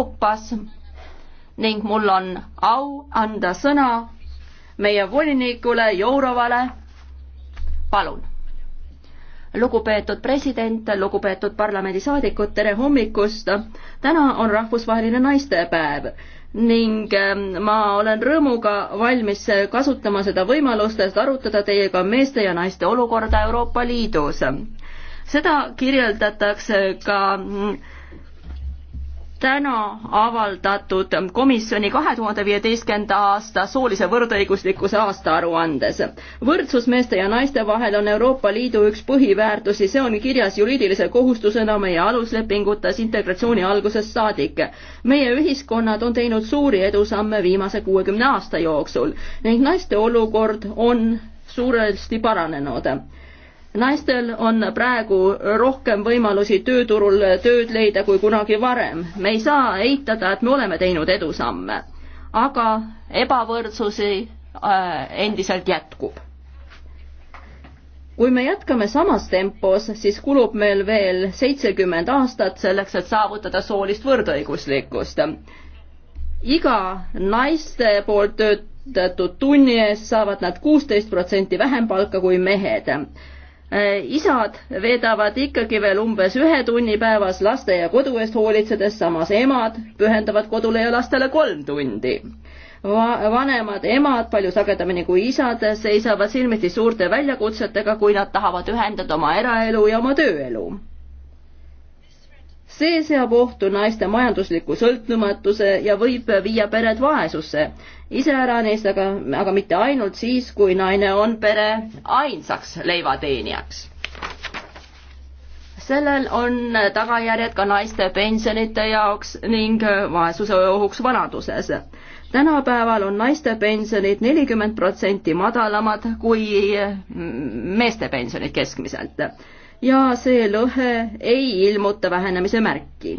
Euroopas ning mul on au anda sõna meie volinikule Jourovale. palun. lugupeetud president, lugupeetud parlamendisaadikud, tere hommikust. täna on rahvusvaheline naistepäev ning ähm, ma olen rõõmuga valmis kasutama seda võimalust, et arutada teiega meeste ja naiste olukorda Euroopa Liidus. seda kirjeldatakse ka mm, täna avaldatud komisjoni kahe tuhande viieteistkümnenda aasta soolise võrdõiguslikkuse aastaaruandes. võrdsus meeste ja naiste vahel on Euroopa Liidu üks põhiväärtusi, see on kirjas juriidilise kohustusena meie aluslepingutes integratsiooni algusest saadik. meie ühiskonnad on teinud suuri edusamme viimase kuuekümne aasta jooksul ning naiste olukord on suuresti paranenud naistel on praegu rohkem võimalusi tööturul tööd leida kui kunagi varem. me ei saa eitada, et me oleme teinud edusamme, aga ebavõrdsusi äh, endiselt jätkub. kui me jätkame samas tempos, siis kulub meil veel seitsekümmend aastat selleks, et saavutada soolist võrdõiguslikkust. iga naiste poolt töötatud tunni eest saavad nad kuusteist protsenti vähem palka kui mehed Äh, isad veedavad ikkagi veel umbes ühe tunni päevas laste ja kodu eest hoolitsedes, samas emad pühendavad kodule ja lastele kolm tundi Va. vanemad emad palju sagedamini kui isad seisavad silmitsi suurte väljakutsetega, kui nad tahavad ühendada oma eraelu ja oma tööelu see seab ohtu naiste majandusliku sõltumatuse ja võib viia pered vaesusse. iseäranis aga, aga mitte ainult siis, kui naine on pere ainsaks leivateenijaks. sellel on tagajärjed ka naiste pensionite jaoks ning vaesuse ohuks vanaduses. tänapäeval on naiste pensionid nelikümmend protsenti madalamad kui meeste pensionid keskmiselt ja see lõhe ei ilmuta vähenemise märki.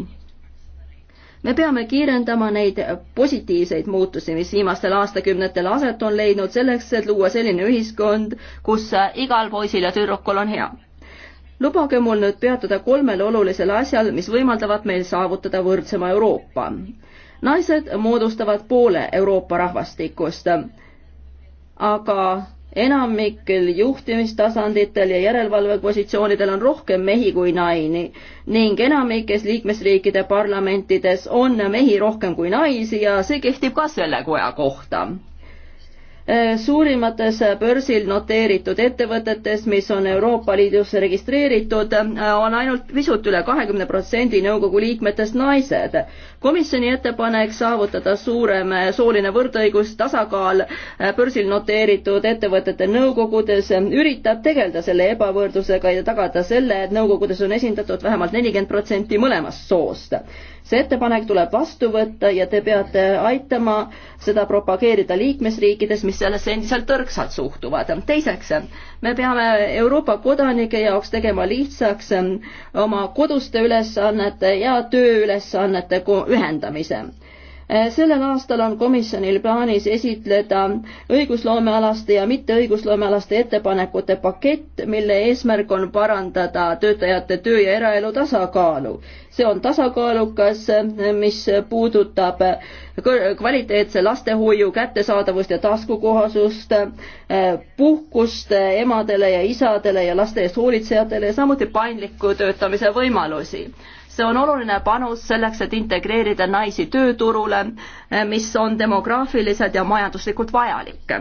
me peame kiirendama neid positiivseid muutusi, mis viimastel aastakümnetel aset on leidnud selleks, et luua selline ühiskond, kus igal poisil ja tüdrukul on hea lubage mul nüüd peatuda kolmel olulisel asjal, mis võimaldavad meil saavutada võrdsema Euroopa. naised moodustavad poole Euroopa rahvastikust, aga enamikel juhtimistasanditel ja järelevalvepositsioonidel on rohkem mehi kui naini ning enamikes liikmesriikide parlamentides on mehi rohkem kui naisi ja see kehtib ka selle koja kohta Äh, suurimates börsil noteeritud ettevõtetes, mis on Euroopa Liidus registreeritud, äh, on ainult pisut üle kahekümne protsendi nõukogu liikmetest naised. komisjoni ettepanek saavutada suurem äh, sooline võrdõigus, tasakaal börsil noteeritud ettevõtete nõukogudes üritab tegeleda selle ebavõrdusega ja tagada selle, et nõukogudes on esindatud vähemalt nelikümmend protsenti mõlemast soost see ettepanek tuleb vastu võtta ja te peate aitama seda propageerida liikmesriikides, mis sellesse endiselt tõrksalt suhtuvad. teiseks, me peame Euroopa kodanike jaoks tegema lihtsaks oma koduste ülesannete ja tööülesannete ühendamise Eh, sellel aastal on komisjonil plaanis esitleda õigusloomealaste ja mitteõigusloomealaste ettepanekute pakett, mille eesmärk on parandada töötajate töö ja eraelu tasakaalu. see on tasakaalukas, eh, mis puudutab eh, kvaliteetse lastehoiu kättesaadavust ja taskukohasust, puhkust emadele ja isadele ja laste eest hoolitsejatele ja samuti paindliku töötamise võimalusi see on oluline panus selleks, et integreerida naisi tööturule, mis on demograafiliselt ja majanduslikult vajalik.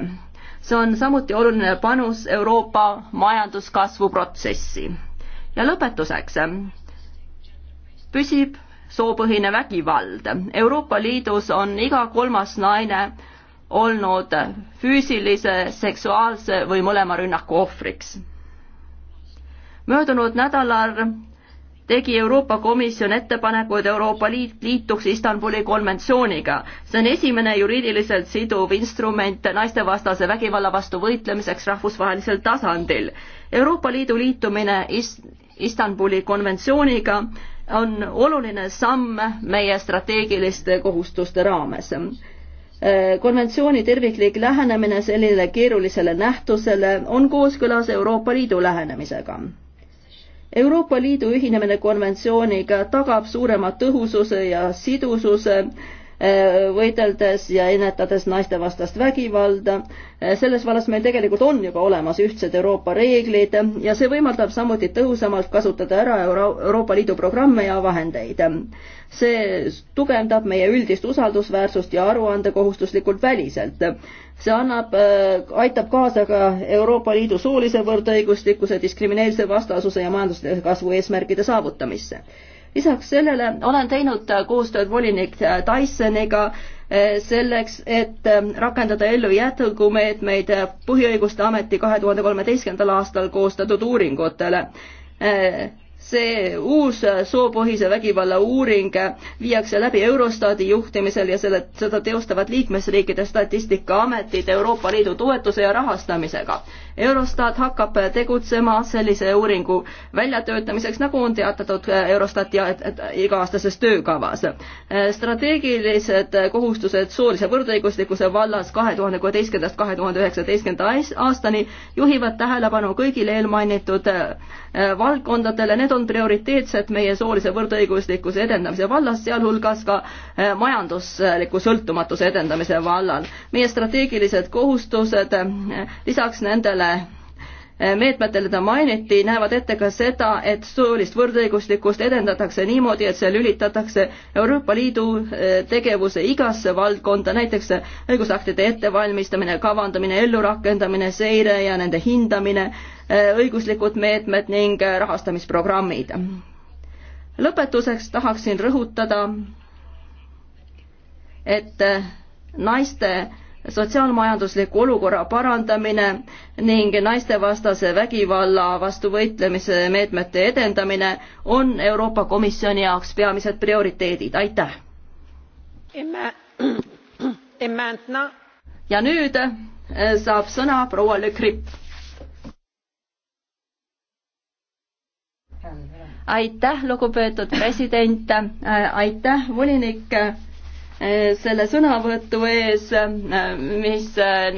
see on samuti oluline panus Euroopa majanduskasvu protsessi. ja lõpetuseks, püsib soopõhine vägivald. Euroopa Liidus on iga kolmas naine olnud füüsilise, seksuaalse või mõlema rünnaku ohvriks. möödunud nädalal tegi Euroopa Komisjon ettepaneku, et Euroopa Liit liituks Istanbuli konventsiooniga. see on esimene juriidiliselt siduv instrument naistevastase vägivalla vastu võitlemiseks rahvusvahelisel tasandil. Euroopa Liidu liitumine Ist-, Istanbuli konventsiooniga on oluline samm meie strateegiliste kohustuste raames. Äh, konventsiooni terviklik lähenemine sellele keerulisele nähtusele on kooskõlas Euroopa Liidu lähenemisega Euroopa Liidu ühinemine konventsiooniga tagab suurema tõhususe ja sidususe äh, võideldes ja ennetades naistevastast vägivalda. Äh, selles vallas meil tegelikult on juba olemas ühtsed Euroopa reeglid ja see võimaldab samuti tõhusamalt kasutada ära Euro Euroopa Liidu programme ja vahendeid. see tugevdab meie üldist usaldusväärsust ja aruandekohustuslikult väliselt see annab, äh, aitab kaasa ka Euroopa Liidu soolise võrdõiguslikkuse, diskrimineerimise vastasuse ja majanduskasvu eesmärkide saavutamisse. lisaks sellele olen teinud äh, koostööd volinik Dysoniga äh, selleks, et rakendada ellu jätkumeetmeid Põhiõiguste Ameti kahe tuhande kolmeteistkümnendal aastal koostatud uuringutele see uus soopõhise vägivalla uuring viiakse läbi Eurostati juhtimisel ja selle, seda teostavad liikmesriikide statistikaametid Euroopa Liidu toetuse ja rahastamisega. Eurostat hakkab tegutsema sellise uuringu väljatöötamiseks, nagu on teatatud Eurostati iga-aastases töökavas. strateegilised kohustused soolise võrdõiguslikkuse vallas kahe tuhande kuueteistkümnendast kahe tuhande üheksateistkümnenda aastani juhivad tähelepanu kõigile eelmainitud eh, valdkondadele, need on prioriteetsed meie soolise võrdõiguslikkuse edendamise vallas, sealhulgas ka eh, majandusliku sõltumatuse edendamise vallal. meie strateegilised kohustused eh, lisaks nendele peale meetmetel, mida mainiti, näevad ette ka seda, et soolist võrdõiguslikkust edendatakse niimoodi, et see lülitatakse Euroopa Liidu eh, tegevuse igasse valdkonda, näiteks õigusaktide ettevalmistamine, kavandamine, ellurakendamine, seire ja nende hindamine, eh, õiguslikud meetmed ning eh, rahastamisprogrammid. lõpetuseks tahaksin rõhutada, et naiste sotsiaalmajandusliku olukorra parandamine ning naistevastase vägivalla vastu võitlemise meetmete edendamine on Euroopa Komisjoni jaoks peamised prioriteedid, aitäh! ja nüüd eh, saab sõna proua Le Grip. aitäh, lugupeetud president, eh, aitäh, volinik selle sõnavõtu ees, mis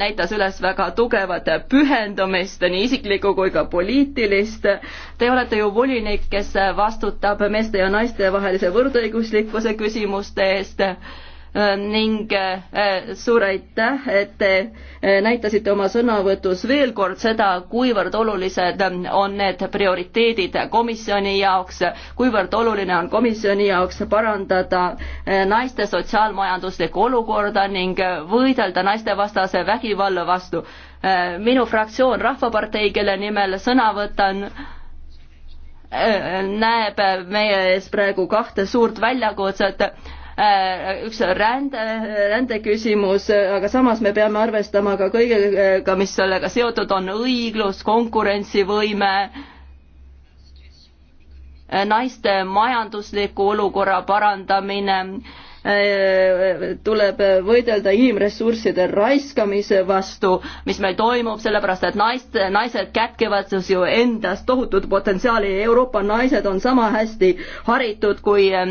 näitas üles väga tugevat pühendumist, nii isiklikku kui ka poliitilist. Te olete ju volinik, kes vastutab meeste ja naiste vahelise võrdõiguslikkuse küsimuste eest Äh, ning äh, suur aitäh, et te äh, näitasite oma sõnavõtus veel kord seda, kuivõrd olulised ähm, on need prioriteedid komisjoni jaoks, kuivõrd oluline on komisjoni jaoks parandada naiste sotsiaalmajanduslikku olukorda ning võidelda naistevastase vägivalla vastu. minu fraktsioon Rahvapartei, kelle nimel sõna võtan, näeb meie ees praegu kahte suurt väljakutset Äh, üks rände, rändeküsimus, aga samas me peame arvestama ka kõigega, mis sellega seotud on, õiglus, konkurentsivõime, äh, naiste majandusliku olukorra parandamine Äh, tuleb võidelda inimressursside raiskamise vastu, mis meil toimub, sellepärast et naist, naised kätkevad siis ju endas tohutut potentsiaali, Euroopa naised on sama hästi haritud kui äh,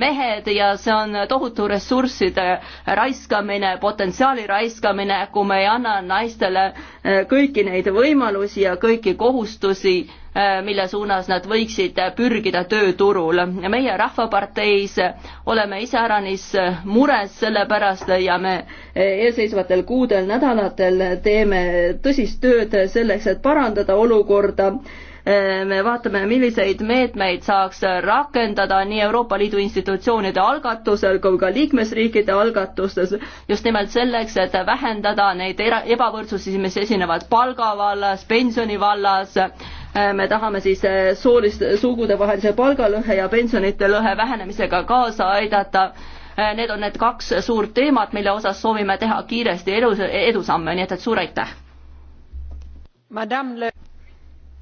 mehed ja see on tohutu ressursside raiskamine, potentsiaali raiskamine, kui me ei anna naistele äh, kõiki neid võimalusi ja kõiki kohustusi Äh, mille suunas nad võiksid pürgida tööturul. meie Rahvaparteis oleme iseäranis mures selle pärast ja me äh, eelseisvatel kuudel, nädalatel teeme tõsist tööd selleks, et parandada olukorda äh, me vaatame, milliseid meetmeid saaks rakendada nii Euroopa Liidu institutsioonide algatusel kui ka liikmesriikide algatustes, just nimelt selleks, et vähendada neid ebavõrdsusi, mis esinevad palga vallas, pensioni vallas me tahame siis eh, soolist, sugudevahelise palgalõhe ja pensionite lõhe vähenemisega kaasa aidata. Eh, need on need kaks suurt teemat, mille osas soovime teha kiiresti edu, edusamme, nii et, et suur aitäh!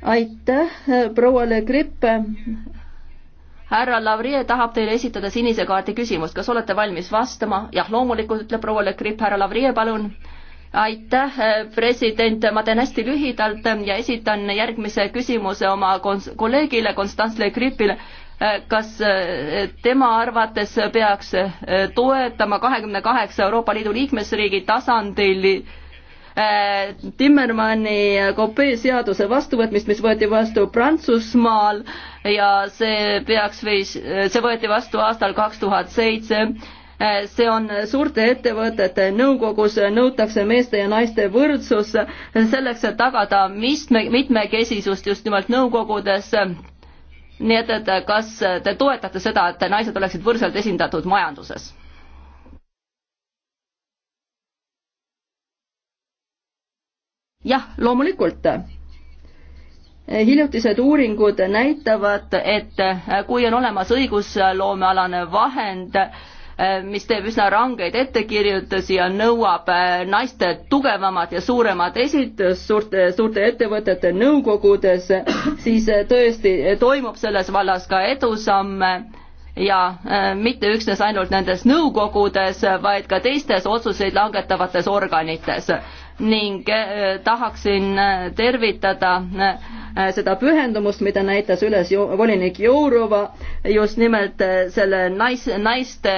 aitäh, eh, proua Le Gripp. härra Lavrie tahab teile esitada sinise kaardi küsimust, kas olete valmis vastama? jah, loomulikult, ütleb proua Le Gripp, härra Lavrie, palun aitäh, president, ma teen hästi lühidalt ja esitan järgmise küsimuse oma kons-, kolleegile Konstantin Le Gripile. kas eh, tema arvates peaks eh, toetama kahekümne kaheksa Euroopa Liidu liikmesriigi tasandil eh, Timmermanni kopee seaduse vastuvõtmist, mis võeti vastu Prantsusmaal ja see peaks või see võeti vastu aastal kaks tuhat seitse see on suurte ettevõtete nõukogus, nõutakse meeste ja naiste võrdsus selleks, et tagada mitme, mitmekesisust just nimelt nõukogudes. nii et, et kas te toetate seda, et naised oleksid võrdselt esindatud majanduses? jah, loomulikult hiljutised uuringud näitavad, et kui on olemas õigusloomealane vahend, Äh, mis teeb üsna rangeid ettekirjutusi ja nõuab äh, naiste tugevamat ja suuremat esitust suurte, suurte ettevõtete nõukogudes, siis äh, tõesti toimub selles vallas ka edusamme ja mitte üksnes ainult nendes nõukogudes, vaid ka teistes otsuseid langetavates organites ning äh, tahaksin äh, tervitada äh, seda pühendumust, mida näitas üles volinik Jourova just nimelt selle nais, naiste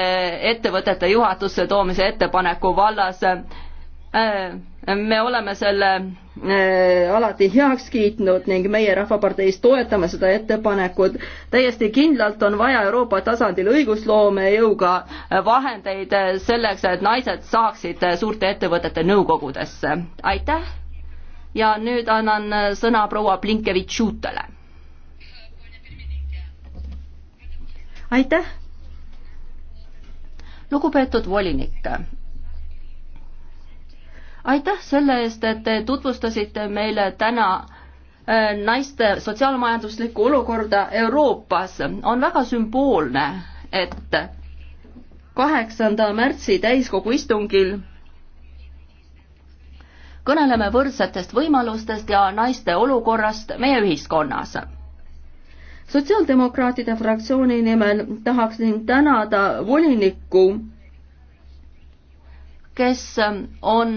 ettevõtete juhatusse toomise ettepaneku vallas me oleme selle eh, alati heaks kiitnud ning meie Rahvaparteis toetame seda ettepanekut. täiesti kindlalt on vaja Euroopa tasandil õigusloome jõuga vahendeid selleks, et naised saaksid suurte ettevõtete nõukogudesse. aitäh ja nüüd annan sõna proua Blinkevitš-Uutele. aitäh. lugupeetud volinik aitäh selle eest, et te tutvustasite meile täna äh, naiste sotsiaalmajanduslikku olukorda Euroopas. on väga sümboolne, et kaheksanda märtsi täiskogu istungil kõneleme võrdsetest võimalustest ja naiste olukorrast meie ühiskonnas. sotsiaaldemokraatide fraktsiooni nimel tahaksin tänada volinikku kes ähm, on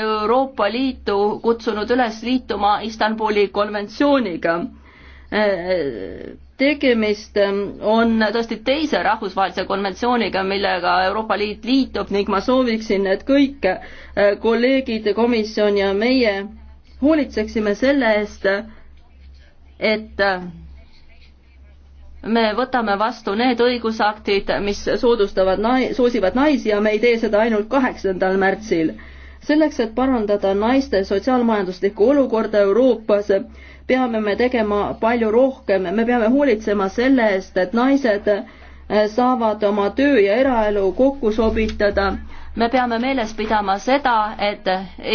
Euroopa Liitu kutsunud üles liituma Istanbuli konventsiooniga. Äh, tegemist ähm, on tõesti teise rahvusvahelise konventsiooniga, millega Euroopa Liit liitub ning ma sooviksin, et kõik äh, kolleegid, komisjon ja meie hoolitseksime selle eest, et äh, me võtame vastu need õigusaktid, mis soodustavad nai-, soosivad naisi ja me ei tee seda ainult kaheksandal märtsil. selleks, et parandada naiste sotsiaalmajanduslikku olukorda Euroopas, peame me tegema palju rohkem, me peame hoolitsema selle eest, et naised eh, saavad oma töö ja eraelu kokku sobitada. me peame meeles pidama seda, et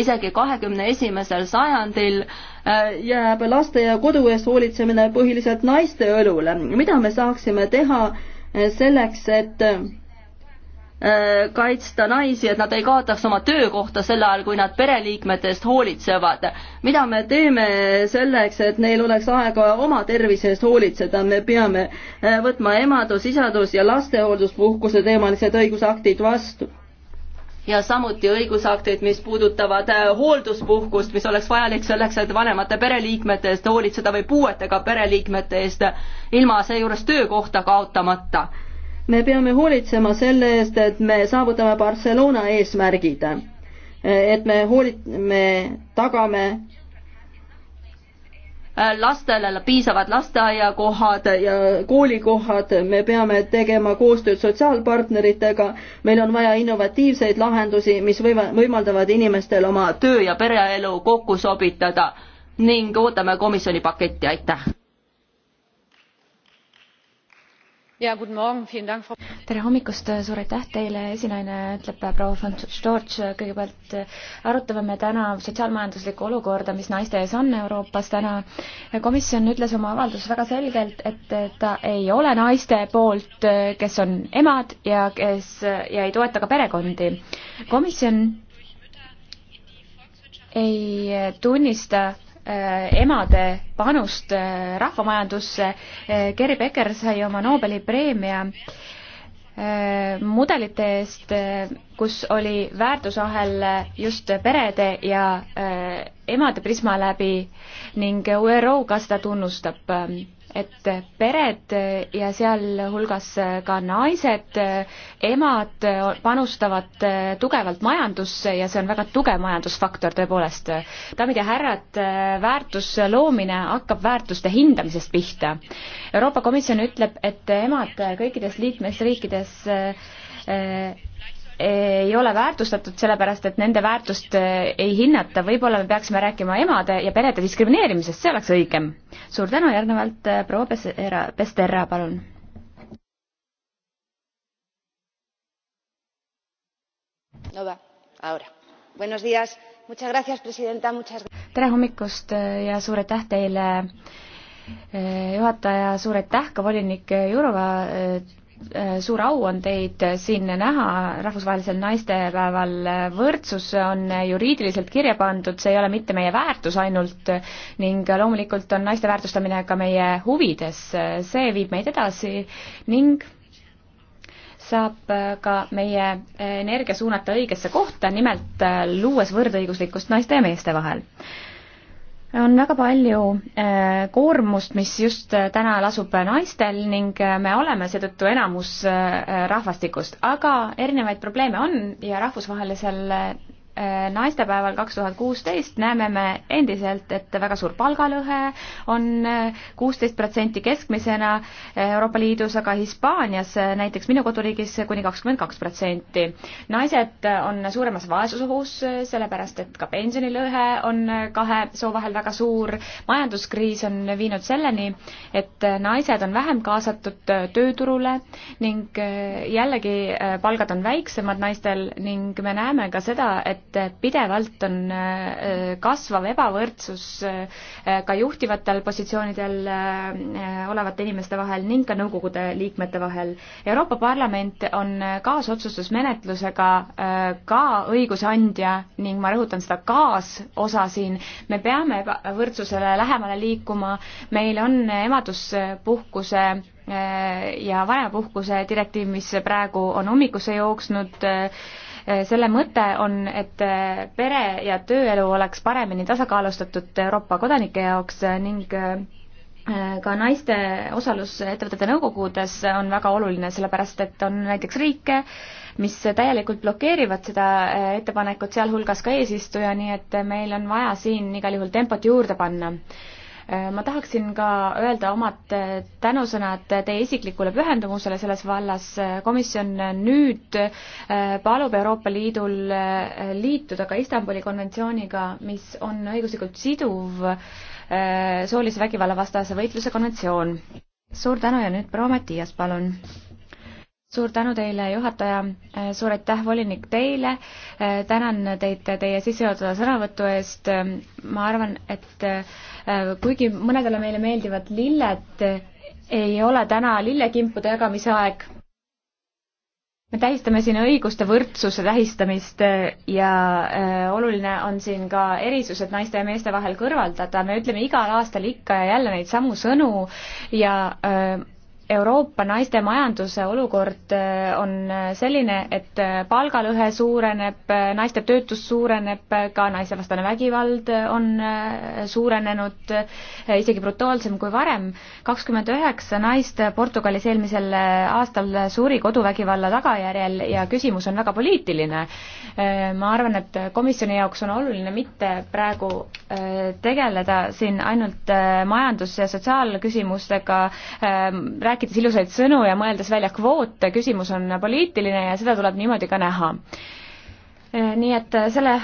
isegi kahekümne esimesel sajandil äh, Äh, jääb laste ja kodu eest hoolitsemine põhiliselt naiste õlule. mida me saaksime teha äh, selleks, et äh, kaitsta naisi, et nad ei kaotaks oma töökohta sel ajal, kui nad pereliikmete eest hoolitsevad. mida me teeme selleks, et neil oleks aega oma tervise eest hoolitseda, me peame võtma emadus, isadus ja lastehoolduspuhkuse teemalised õigusaktid vastu ja samuti õigusaktid, mis puudutavad äh, hoolduspuhkust, mis oleks vajalik selleks, et vanemate pereliikmete eest hoolitseda või puuetega pereliikmete eest, ilma seejuures töökohta kaotamata. me peame hoolitsema selle eest, et me saavutame Barcelona eesmärgid, äh, et me hoolit-, me tagame Äh, lastele piisavad lasteaiakohad ja koolikohad, me peame tegema koostööd sotsiaalpartneritega, meil on vaja innovatiivseid lahendusi, mis võiva-, võimaldavad inimestel oma töö ja pereelu kokku sobitada ning ootame komisjoni paketti, aitäh! tere hommikust, suur aitäh teile, esinaine, ütleb proua von Storch. kõigepealt arutame me täna sotsiaalmajanduslikku olukorda, mis naiste ees on Euroopas täna. komisjon ütles oma avalduses väga selgelt, et ta ei ole naiste poolt, kes on emad ja kes ja ei toeta ka perekondi. komisjon ei tunnista Äh, emade panust äh, rahvamajandusse. Äh, Geri Becker sai oma Nobeli preemia mudelite eest, kus oli väärtusahel just perede ja emade prisma läbi ning ÜRO ka seda tunnustab et pered ja sealhulgas ka naised, emad panustavad tugevalt majandusse ja see on väga tugev majandusfaktor tõepoolest. daamid ja härrad, väärtuse loomine hakkab väärtuste hindamisest pihta. Euroopa Komisjon ütleb, et emad kõikides liikmesriikides ei ole väärtustatud, sellepärast et nende väärtust eh, ei hinnata, võib-olla me peaksime rääkima emade ja perede diskrimineerimisest, see oleks õigem. suur tänu, järgnevalt eh, proua Pestera, Pestera, palun. no va, ahora. Buenos dias, muchas gracias, presidenta, muchas tere hommikust eh, ja suur aitäh teile, juhataja, suur aitäh ka volinik Jurova Äh, suur au on teid siin näha rahvusvahelisel naistepäeval. võrdsus on juriidiliselt kirja pandud, see ei ole mitte meie väärtus ainult ning loomulikult on naiste väärtustamine ka meie huvides, see viib meid edasi ning saab ka meie energia suunata õigesse kohta, nimelt luues võrdõiguslikkust naiste ja meeste vahel on väga palju äh, koormust, mis just äh, täna lasub naistel ning äh, me oleme seetõttu enamus rahvastikust, aga erinevaid probleeme on ja rahvusvahelisel Äh, naistepäeval kaks tuhat kuusteist näeme me endiselt, et väga suur palgalõhe on äh, kuusteist protsenti keskmisena äh, Euroopa Liidus, aga Hispaanias näiteks minu koduriigis kuni kakskümmend kaks protsenti. naised on suuremas vaesusohus, sellepärast et ka pensionilõhe on kahe soo vahel väga suur, majanduskriis on viinud selleni, et naised on vähem kaasatud tööturule ning jällegi palgad on väiksemad naistel ning me näeme ka seda, et et pidevalt on äh, kasvav ebavõrdsus äh, ka juhtivatel positsioonidel äh, olevate inimeste vahel ning ka nõukogude liikmete vahel. Euroopa Parlament on kaasotsustusmenetlusega ka õigusandja ning ma rõhutan seda kaasosa siin, me peame võrdsusele lähemale liikuma, meil on emaduspuhkuse ja vanemapuhkuse direktiiv, mis praegu on ummikusse jooksnud, Eh, selle mõte on, et eh, pere- ja tööelu oleks paremini tasakaalustatud Euroopa kodanike jaoks eh, ning ka naiste osalus ettevõtete nõukogudes on väga oluline, sellepärast et on näiteks riike, mis täielikult blokeerivad seda ettepanekut, sealhulgas ka eesistuja, nii et meil on vaja siin igal juhul tempot juurde panna Äh, ma tahaksin ka öelda omad äh, tänusõnad teie isiklikule pühendumusele selles vallas. Äh, komisjon nüüd palub Euroopa Liidul liituda ka Istanbuli konventsiooniga, mis on õiguslikult siduv soolise vägivalla vastase võitluse konventsioon. suur tänu ja nüüd proua Mattias, palun suur tänu teile, juhataja, suur aitäh, volinik, teile, tänan teid teie sissejuhatava sõnavõtu eest, ma arvan, et Äh, kuigi mõnedele meile meeldivad lilled, ei ole täna lillekimpude jagamise aeg. me tähistame siin õiguste võrdsuse tähistamist äh, ja äh, oluline on siin ka erisused naiste ja meeste vahel kõrvaldada, me ütleme igal aastal ikka ja jälle neid samu sõnu ja öö, Euroopa naiste majanduse olukord eh, on eh, selline, et eh, palgalõhe suureneb, naiste töötus suureneb, ka naistevastane vägivald on suurenenud isegi brutaalsem kui varem. kakskümmend üheksa naist Portugalis eelmisel aastal suri koduvägivalla tagajärjel ja küsimus on väga poliitiline. ma arvan, et komisjoni jaoks on oluline mitte praegu tegeleda siin ainult majandus- ja sotsiaalküsimustega, rääkides ilusaid sõnu ja mõeldes välja kvoote, küsimus on poliitiline ja seda tuleb niimoodi ka näha eh, nii et eh, selle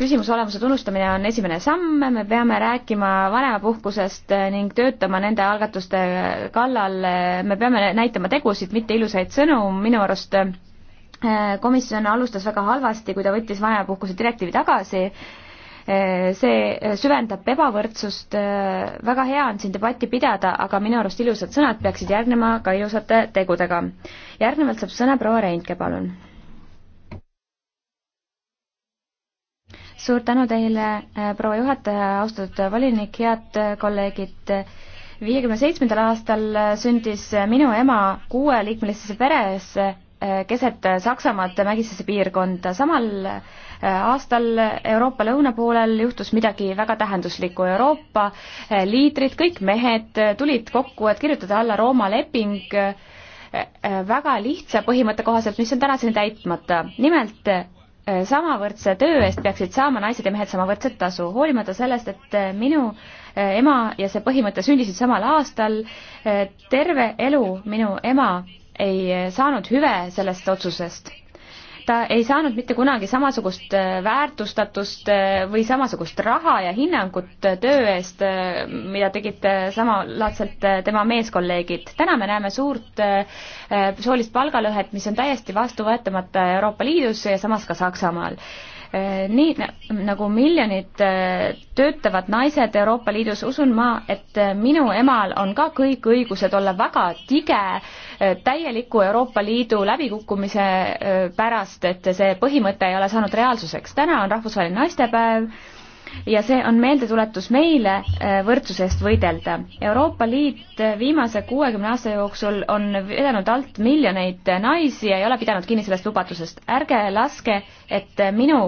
küsimuse olemuse tunnustamine on esimene samm, me peame rääkima vanemapuhkusest eh, ning töötama nende algatuste kallal, me peame näitama tegusid, mitte ilusaid sõnu, minu arust komisjon alustas väga halvasti, kui ta võttis vanemapuhkuse direktiivi tagasi Eh, see eh, süvendab ebavõrdsust, eh, väga hea on siin debatti pidada, aga minu arust ilusad sõnad peaksid järgnema ka ilusate tegudega. järgnevalt saab sõna proua Reintke, palun. suur tänu teile, proua juhataja, austatud volinik, head kolleegid viiekümne seitsmendal aastal sündis minu ema kuueliikmelisesse peresse keset Saksamaad mägisesse piirkonda. samal äh, aastal Euroopa lõuna poolel juhtus midagi väga tähenduslikku. Euroopa äh, liidrid, kõik mehed äh, tulid kokku, et kirjutada alla Rooma leping väga lihtsa põhimõtte kohaselt, mis on tänaseni täitmata. nimelt samavõrdse töö eest peaksid saama naised ja mehed samavõrdset tasu, hoolimata sellest, et minu ema ja see põhimõte sündisid samal aastal, terve elu minu ema ei saanud hüve sellest otsusest. ta ei saanud mitte kunagi samasugust äh, väärtustatust äh, või samasugust raha ja hinnangut äh, töö eest, mida tegid samalaadselt tema meeskolleegid. täna me näeme suurt soolist palgalõhet, mis on täiesti vastuvõetamata Euroopa Liidus ja samas ka Saksamaal Eh, nii nagu miljonid eh, töötavad naised Euroopa Liidus, usun ma, et eh, minu emal on ka kõik õigused olla väga tige täieliku Euroopa Liidu läbikukkumise pärast, et see põhimõte ei ole saanud reaalsuseks. täna on rahvusvaheline naistepäev ja see on meeldetuletus meile äh, võrdsuse eest võidelda. Euroopa Liit äh, viimase kuuekümne aasta jooksul on vedanud alt miljoneid äh, naisi ja ei ole pidanud kinni sellest lubadusest. ärge laske, et minu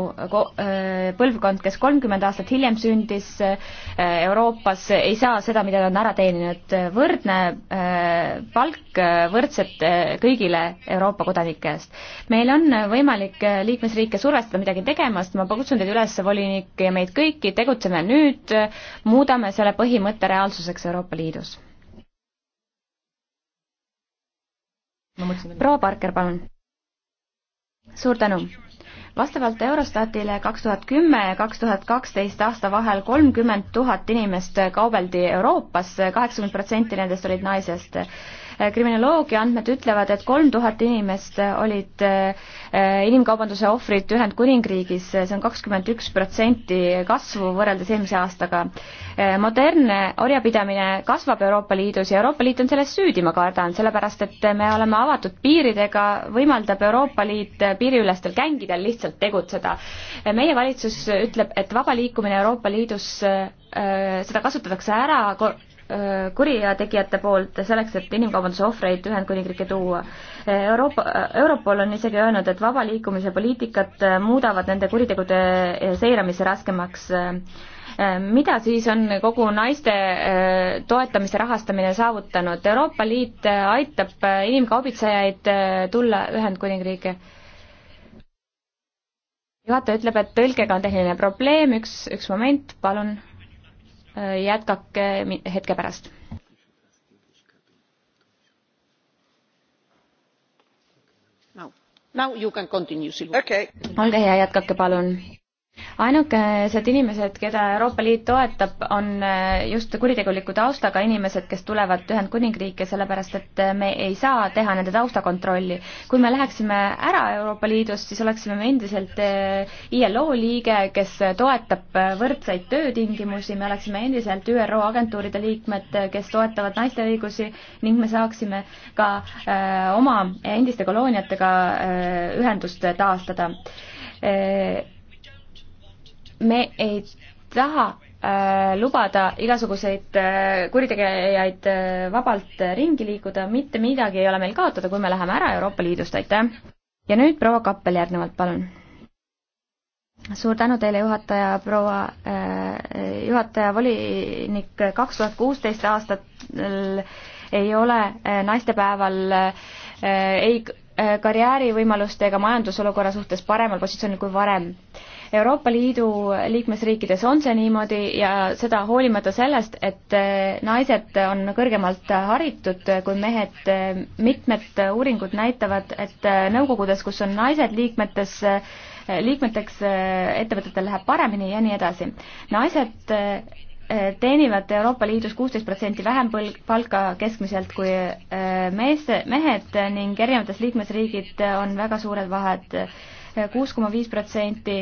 põlvkond, kes kolmkümmend aastat hiljem sündis Euroopas, ei saa seda, mida ta on ära teeninud. võrdne palk võrdselt kõigile Euroopa kodanike eest. meil on võimalik liikmesriike survestada midagi tegema, sest ma kutsun teid üles, volinik, ja meid kõiki, kõiki, tegutseme nüüd, muudame selle põhimõtte reaalsuseks Euroopa Liidus. proua Parker, palun. suur tänu vastavalt Eurostatile kaks tuhat kümme ja kaks tuhat kaksteist aasta vahel kolmkümmend tuhat inimest kaubeldi Euroopas, kaheksakümmend protsenti nendest olid naisest Eh, kriminoloogia andmed ütlevad, et kolm tuhat inimest eh, olid eh, inimkaubanduse ohvrid Ühendkuningriigis, see on kakskümmend üks protsenti kasvu võrreldes eelmise aastaga. modernne orjapidamine kasvab Euroopa Liidus ja Euroopa Liit on selles süüdi, ma kardan, sellepärast et me oleme avatud piiridega, võimaldab Euroopa Liit piiriülestel gängidel lihtsalt tegutseda. meie valitsus ütleb, et vaba liikumine Euroopa Liidus, seda kasutatakse ära kurjategijate poolt selleks, et inimkaubanduse ohvreid Ühendkuningriiki tuua. Euroopa, Europol on isegi öelnud, et vaba liikumise poliitikat muudavad nende kuritegude seiramise raskemaks mida siis on kogu naiste äh, toetamise rahastamine saavutanud? Euroopa Liit aitab inimkaubitsejaid äh, tulla Ühendkuningriigi? juhataja ütleb, et tõlkega on tehniline probleem, üks, üks moment, palun Äh, jätkake hetke pärast. olge hea, jätkake palun ainukesed inimesed, keda Euroopa Liit toetab, on eh, just kuritegeliku taustaga inimesed, kes tulevad Ühendkuningriiki, sellepärast et eh, me ei saa teha nende taustakontrolli. kui me läheksime ära Euroopa Liidust, siis oleksime me endiselt eh, ILO liige, kes toetab võrdseid töötingimusi, me oleksime endiselt ÜRO agentuuride liikmed, kes toetavad naiste õigusi ning me saaksime ka öö, oma endiste kolooniatega öö, ühendust taastada me ei taha äh, lubada igasuguseid äh, kuritegijaid äh, vabalt ringi liikuda, mitte midagi ei ole meil kaotada, kui me läheme ära Euroopa Liidust, aitäh! ja nüüd proua Kappel järgnevalt, palun! suur tänu teile, juhataja, proua juhataja, volinik, kaks tuhat kuusteist aastatel ei ole naistepäeval ei karjäärivõimaluste ega majandusolukorra suhtes paremal positsioonil kui varem Euroopa Liidu liikmesriikides on see niimoodi ja seda hoolimata sellest, et eh, naised on kõrgemalt haritud kui mehed. Eh, mitmed uuringud näitavad, et eh, nõukogudes, kus on naised liikmetes, liikmeteks ettevõtetel läheb paremini ja nii edasi. naised teenivad Euroopa Liidus kuusteist protsenti vähem põl-, palka keskmiselt kui mees, mehed ning erinevates liikmesriigid on väga suured vahed kuus koma viis protsenti,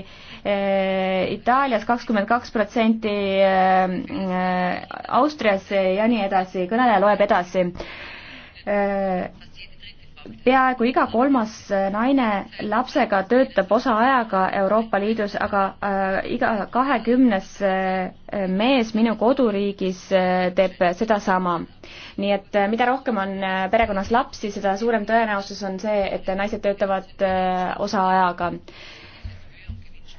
eh, Itaalias kakskümmend kaks protsenti, eh, Austrias ja nii edasi, kõneleja loeb edasi eh, peaaegu iga kolmas naine lapsega töötab osaajaga Euroopa Liidus, aga äh, iga kahekümnes äh, mees minu koduriigis äh, teeb sedasama. nii et äh, mida rohkem on äh, perekonnas lapsi, seda suurem tõenäosus on see, et naised töötavad äh, osaajaga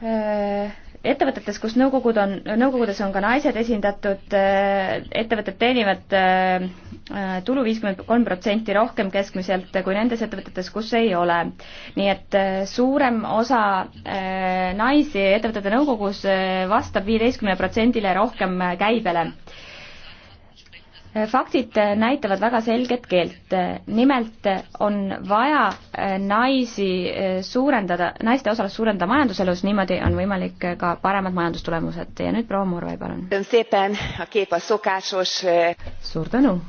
äh, ettevõtetes, kus nõukogud on, nõukogudes on ka naised esindatud, äh, ettevõtted teenivad äh, äh, tulu viiskümmend kolm protsenti rohkem keskmiselt kui nendes ettevõtetes, kus ei ole. nii et suurem osa naisi ettevõtete nõukogus vastab viieteistkümne protsendile rohkem käibele faktid näitavad väga selget keelt. nimelt on vaja äh, naisi äh, suurendada, naiste osalust suurendada majanduselus, niimoodi on võimalik ka paremad majandustulemused ja nüüd proua Murvai, palun. suur tänu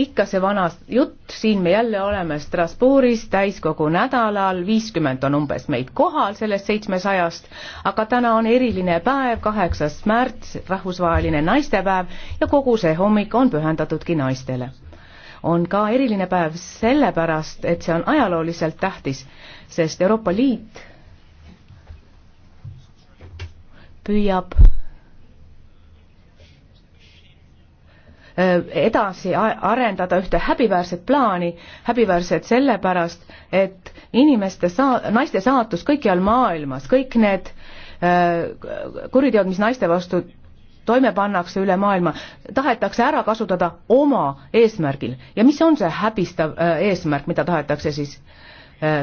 ikka see vana jutt, siin me jälle oleme Strasbourgis täiskogu nädalal, viiskümmend on umbes meid kohal sellest seitsmesajast, aga täna on eriline päev, kaheksas märts, rahvusvaheline naistepäev ja kogu see hommik on pühendatudki naistele. on ka eriline päev sellepärast, et see on ajalooliselt tähtis, sest Euroopa Liit püüab Äh, edasi arendada ühte häbiväärset plaani, häbiväärset sellepärast, et inimeste saa-, naiste saatus kõikjal maailmas, kõik need äh, kuriteod, mis naiste vastu toime pannakse üle maailma, tahetakse ära kasutada oma eesmärgil ja mis on see häbistav äh, eesmärk, mida tahetakse siis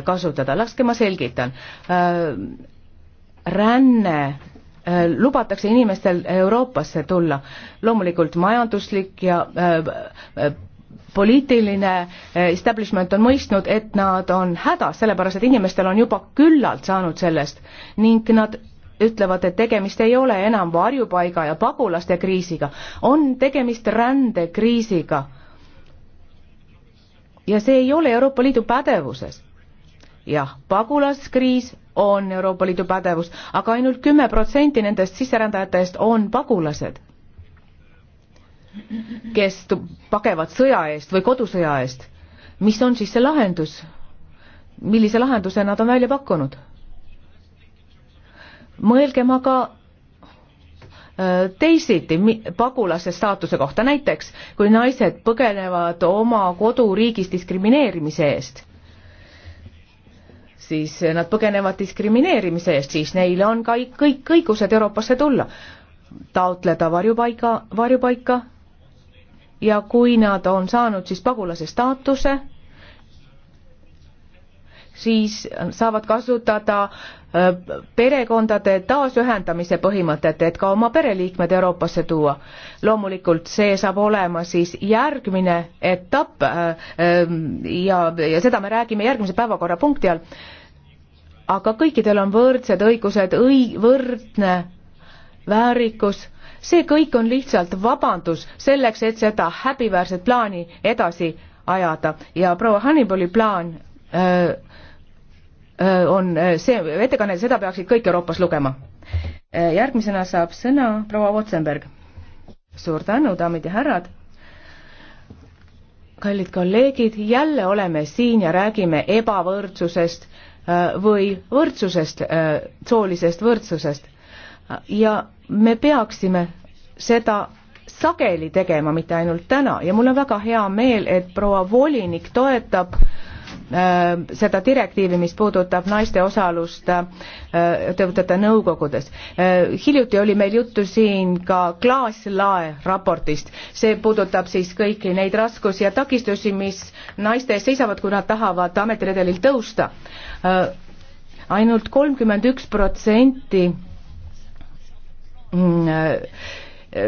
kasutada, laske ma selgitan. ränne Äh, lubatakse inimestel Euroopasse tulla. loomulikult majanduslik ja äh, äh, poliitiline establishment on mõistnud, et nad on hädas, sellepärast et inimestel on juba küllalt saanud sellest ning nad ütlevad, et tegemist ei ole enam varjupaiga ja pagulaste kriisiga, on tegemist rändekriisiga. ja see ei ole Euroopa Liidu pädevuses. jah, pagulaskriis on Euroopa Liidu pädevus, aga ainult kümme protsenti nendest sisserändajatest on pagulased, kes pagevad sõja eest või kodusõja eest. mis on siis see lahendus? millise lahenduse nad on välja pakkunud? mõelgem aga äh, teisiti pagulase staatuse kohta, näiteks kui naised põgenevad oma koduriigis diskrimineerimise eest, siis nad põgenevad diskrimineerimise eest, siis neile on ka kõik õigused Euroopasse tulla, taotleda varjupaika, varjupaika ja kui nad on saanud siis pagulase staatuse, siis saavad kasutada perekondade taasühendamise põhimõtet, et ka oma pereliikmed Euroopasse tuua. loomulikult see saab olema siis järgmine etapp ja, ja seda me räägime järgmise päevakorrapunkti all, aga kõikidel on võrdsed õigused, õi-, võrdne väärikus, see kõik on lihtsalt vabandus selleks, et seda häbiväärset plaani edasi ajada ja proua Hannibali plaan öö, on see ettekanne, seda peaksid kõik Euroopas lugema. järgmisena saab sõna proua Otsenberg. suur tänu, daamid ja härrad. kallid kolleegid, jälle oleme siin ja räägime ebavõrdsusest või võrdsusest, soolisest võrdsusest. ja me peaksime seda sageli tegema, mitte ainult täna ja mul on väga hea meel, et proua volinik toetab äh, Äh, seda direktiivi, mis puudutab naiste osalust ettevõtete äh, nõukogudes. Äh, hiljuti oli meil juttu siin ka klaaslae raportist, see puudutab siis kõiki neid raskusi ja takistusi, mis naiste ees seisavad, kui nad tahavad ametiredelil tõusta ainult. ainult kolmkümmend üks protsenti mm,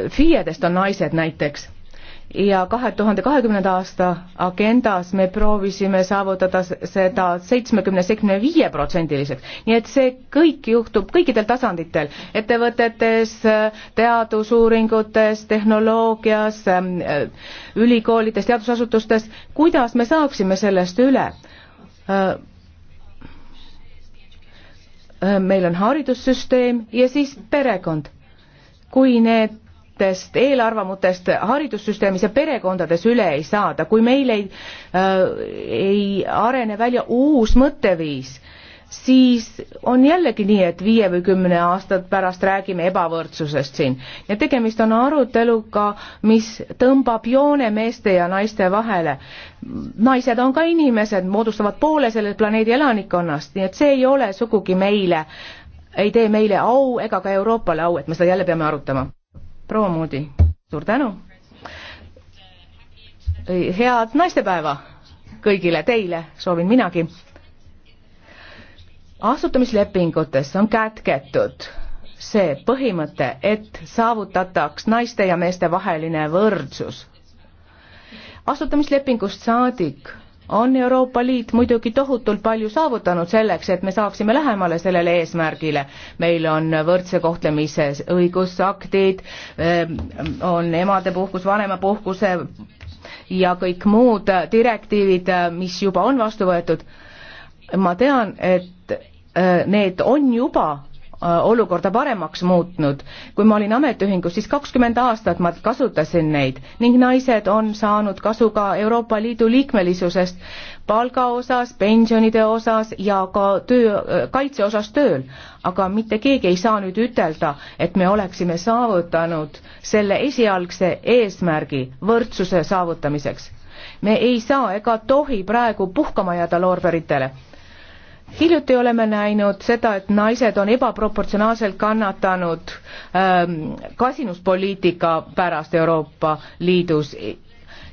FIE-dest on naised näiteks ja kahe tuhande kahekümnenda aasta agendas me proovisime saavutada seda seitsmekümne, seitsmekümne viie protsendiliseks. nii et see kõik juhtub kõikidel tasanditel, ettevõtetes, teadusuuringutes, tehnoloogias, ähm, äh, ülikoolides, teadusasutustes, kuidas me saaksime sellest üle? Äh, äh, meil on haridussüsteem ja siis perekond. kui need erinevatest eelarvamutest haridussüsteemis ja perekondades üle ei saada, kui meil ei äh,, ei arene välja uus mõtteviis, siis on jällegi nii, et viie või kümne aasta pärast räägime ebavõrdsusest siin ja tegemist on aruteluga, mis tõmbab joone meeste ja naiste vahele. naised on ka inimesed, moodustavad poole selle planeedi elanikkonnast, nii et see ei ole sugugi meile ei tee meile au ega ka Euroopale au, et me seda jälle peame arutama proua Moodi, suur tänu! head naistepäeva kõigile teile, soovin minagi. asutamislepingutes on kätketud see põhimõte, et saavutataks naiste ja meeste vaheline võrdsus. asutamislepingust saadik on Euroopa Liit muidugi tohutult palju saavutanud selleks, et me saaksime lähemale sellele eesmärgile. meil on võrdse kohtlemise õigusaktid, ehm, on emadepuhkus, vanemapuhkuse ja kõik muud direktiivid, mis juba on vastu võetud. ma tean, et ehm, need on juba Äh, olukorda paremaks muutnud. kui ma olin ametiühingus, siis kakskümmend aastat ma kasutasin neid ning naised on saanud kasu ka Euroopa Liidu liikmelisusest palga osas, pensionide osas ja ka töö, äh, kaitse osas tööl. aga mitte keegi ei saa nüüd ütelda, et me oleksime saavutanud selle esialgse eesmärgi võrdsuse saavutamiseks me ei saa ega tohi praegu puhkama jääda loorberitele hiljuti oleme näinud seda, et naised on ebaproportsionaalselt kannatanud ähm, kasinuspoliitika pärast Euroopa Liidus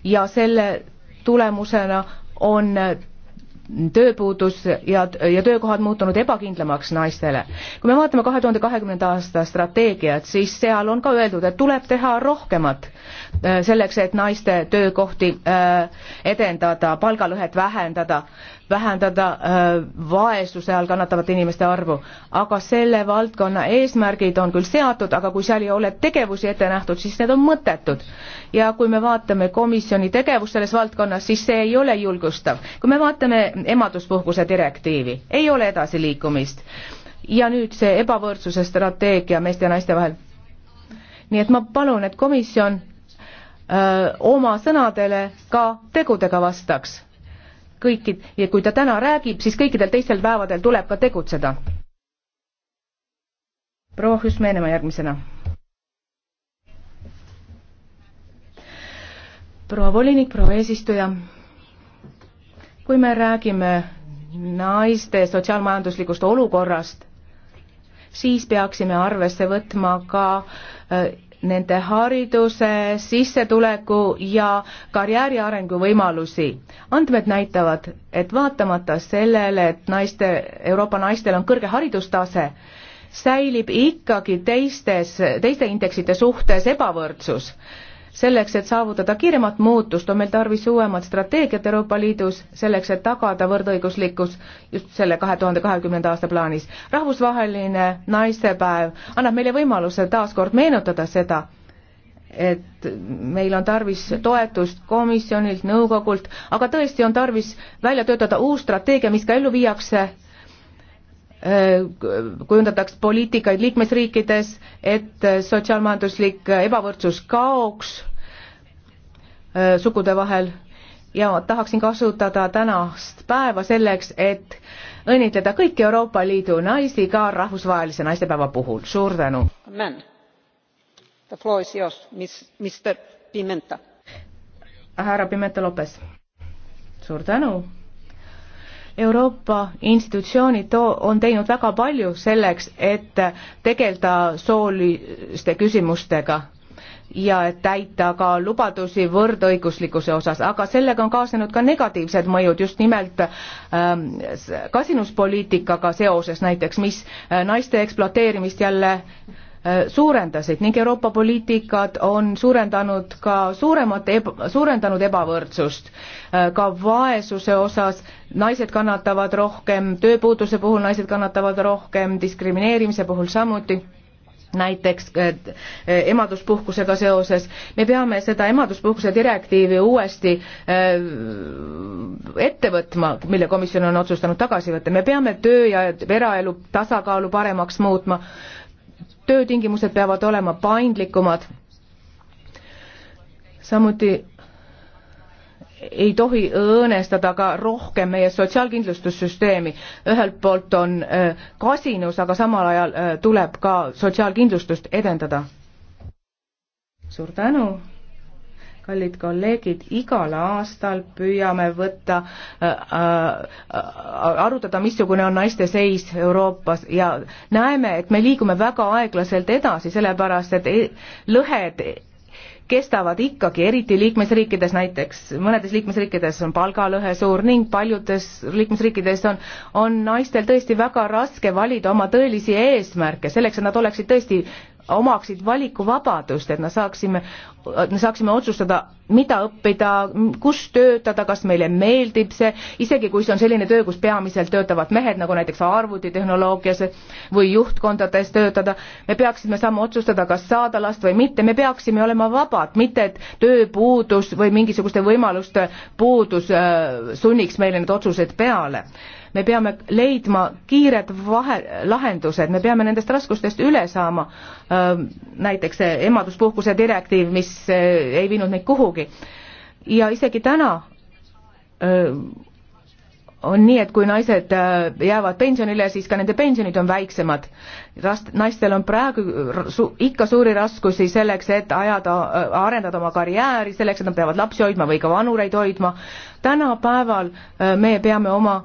ja selle tulemusena on tööpuudus ja, ja töökohad muutunud ebakindlamaks naistele. kui me vaatame kahe tuhande kahekümnenda aasta strateegiat, siis seal on ka öeldud, et tuleb teha rohkemat äh, selleks, et naiste töökohti äh, edendada, palgalõhet vähendada vähendada äh, vaesuse all kannatavate inimeste arvu. aga selle valdkonna eesmärgid on küll seatud, aga kui seal ei ole tegevusi ette nähtud, siis need on mõttetud. ja kui me vaatame komisjoni tegevust selles valdkonnas, siis see ei ole julgustav. kui me vaatame emaduspuhkuse direktiivi, ei ole edasiliikumist. ja nüüd see ebavõrdsuse strateegia meeste ja naiste vahel. nii et ma palun, et komisjon öö, äh, oma sõnadele ka tegudega vastaks kõikid ja kui ta täna räägib, siis kõikidel teistel päevadel tuleb ka tegutseda. proua Hüsmeenema järgmisena. proua volinik, proua eesistuja, kui me räägime naiste sotsiaalmajanduslikust olukorrast, siis peaksime arvesse võtma ka äh, nende hariduse, sissetuleku ja karjääri arengu võimalusi. andmed näitavad, et vaatamata sellele, et naiste, Euroopa naistel on kõrge haridustase, säilib ikkagi teistes, teiste indeksite suhtes ebavõrdsus selleks, et saavutada kiiremat muutust, on meil tarvis uuemat strateegiat Euroopa Liidus, selleks et tagada võrdõiguslikkus just selle kahe tuhande kahekümnenda aasta plaanis. rahvusvaheline naistepäev annab meile võimaluse taas kord meenutada seda, et meil on tarvis toetust komisjonilt, nõukogult, aga tõesti on tarvis välja töötada uus strateegia, mis ka ellu viiakse Äh, kujundataks poliitikaid liikmesriikides, et sotsiaalmajanduslik ebavõrdsus kaoks äh, sugude vahel ja tahaksin kasutada tänast päeva selleks, et õnnitleda kõiki Euroopa Liidu naisi ka rahvusvahelise naistepäeva puhul. suur tänu! härra Pimenta Lopes, suur tänu! Euroopa institutsioonid to-, on teinud väga palju selleks, et tegeleda sooliste küsimustega ja et täita ka lubadusi võrdõiguslikkuse osas, aga sellega on kaasnenud ka negatiivsed mõjud just nimelt ähm, kasinuspoliitikaga seoses näiteks, mis äh, naiste ekspluateerimist jälle äh, Äh, suurendasid ning Euroopa poliitikad on suurendanud ka suuremat eb-, suurendanud ebavõrdsust. Äh, ka vaesuse osas naised kannatavad rohkem, tööpuuduse puhul naised kannatavad rohkem, diskrimineerimise puhul samuti näiteks äh, emaduspuhkusega seoses, me peame seda emaduspuhkuse direktiivi uuesti ette võtma, mille komisjon on otsustanud tagasi võtta, me peame töö ja eraelu tasakaalu paremaks muutma, töötingimused peavad olema paindlikumad. samuti ei tohi õõnestada ka rohkem meie sotsiaalkindlustussüsteemi. ühelt poolt on äh, kasinus, aga samal ajal äh, tuleb ka sotsiaalkindlustust edendada. suur tänu kallid kolleegid, igal aastal püüame võtta äh, äh,, äh, arutada, missugune on naiste seis Euroopas ja näeme, et me liigume väga aeglaselt edasi, sellepärast et e, lõhed kestavad ikkagi, eriti liikmesriikides näiteks, mõnedes liikmesriikides on palgalõhe suur ning paljudes liikmesriikides on, on naistel tõesti väga raske valida oma tõelisi eesmärke, selleks et nad oleksid tõesti omaksid valikuvabadust, et me saaksime, me saaksime otsustada, mida õppida, kus töötada, kas meile meeldib see, isegi kui see on selline töö, kus peamiselt töötavad mehed, nagu näiteks arvutitehnoloogias või juhtkondades töötada, me peaksime saama otsustada, kas saada last või mitte, me peaksime olema vabad, mitte et tööpuudus või mingisuguste võimaluste puudus äh, sunniks meile need otsused peale me peame leidma kiired vahe, lahendused, me peame nendest raskustest üle saama. näiteks see emaduspuhkuse direktiiv, mis ei viinud meid kuhugi. ja isegi täna on nii, et kui naised jäävad pensionile, siis ka nende pensionid on väiksemad. Rast-, naistel on praegu su-, ikka suuri raskusi selleks, et ajada, arendada oma karjääri, selleks, et nad peavad lapsi hoidma või ka vanureid hoidma. tänapäeval me peame oma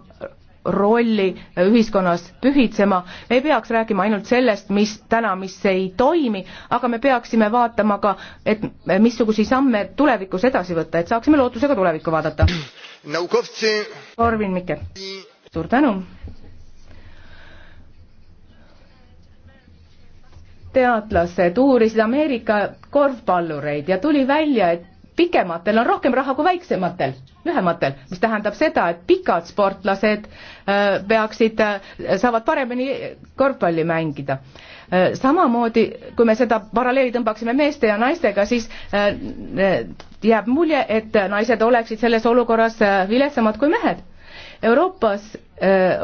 rolli ühiskonnas pühitsema, ei peaks rääkima ainult sellest, mis täna, mis ei toimi, aga me peaksime vaatama ka, et missuguseid samme tulevikus edasi võtta, et saaksime lootusega tulevikku vaadata. Korvin Mikke, suur tänu. teadlased uurisid Ameerika korvpallureid ja tuli välja, et pikematel on rohkem raha kui väiksematel, lühematel, mis tähendab seda, et pikad sportlased äh, peaksid, äh, saavad paremini korvpalli mängida. Äh, samamoodi, kui me seda paralleeli tõmbaksime meeste ja naistega, siis jääb mulje, et naised oleksid selles olukorras viletsamad kui mehed. Euroopas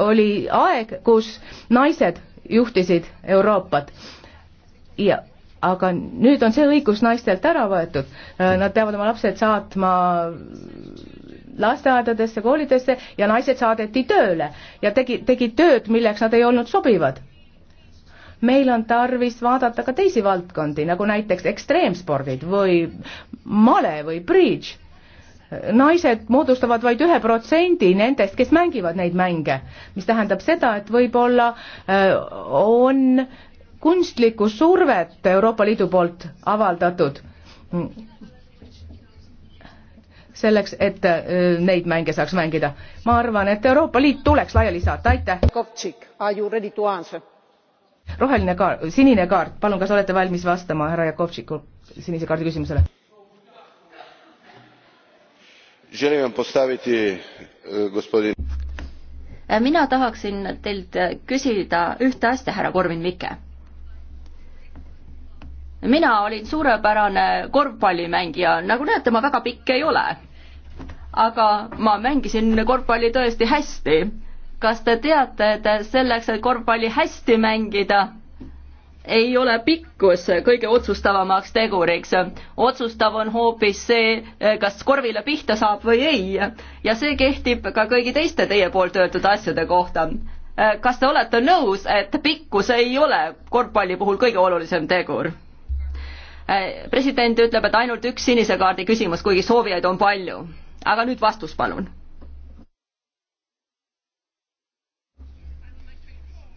oli aeg, kus naised juhtisid Euroopat ja aga nüüd on see õigus naistelt ära võetud. Äh, nad peavad oma lapsed saatma lasteaedadesse, koolidesse ja naised saadeti tööle ja tegi, tegid tööd, milleks nad ei olnud sobivad. meil on tarvis vaadata ka teisi valdkondi, nagu näiteks ekstreemspordid või male või bridž naised moodustavad vaid ühe protsendi nendest, kes mängivad neid mänge, mis tähendab seda, et võib-olla äh, on kunstlikku survet Euroopa Liidu poolt avaldatud selleks, et äh, neid mänge saaks mängida. ma arvan, et Euroopa Liit tuleks laiali saata, aitäh. roheline kaart, sinine kaart, palun, kas olete valmis vastama härra Jakovtšiku sinise kaardi küsimusele? Äh, äh, mina tahaksin teilt küsida ühte asja, härra Korvin Mikke mina olin suurepärane korvpallimängija, nagu näete, ma väga pikk ei ole. aga ma mängisin korvpalli tõesti hästi. kas te teate, et selleks, et korvpalli hästi mängida, ei ole pikkus kõige otsustavamaks teguriks. otsustav on hoopis see, kas korvile pihta saab või ei. ja see kehtib ka kõigi teiste teie poolt öeldud asjade kohta. kas te olete nõus, et pikkus ei ole korvpalli puhul kõige olulisem tegur? Äh, president ütleb, et ainult üks sinise kaardi küsimus, kuigi soovijaid on palju. aga nüüd vastus, palun.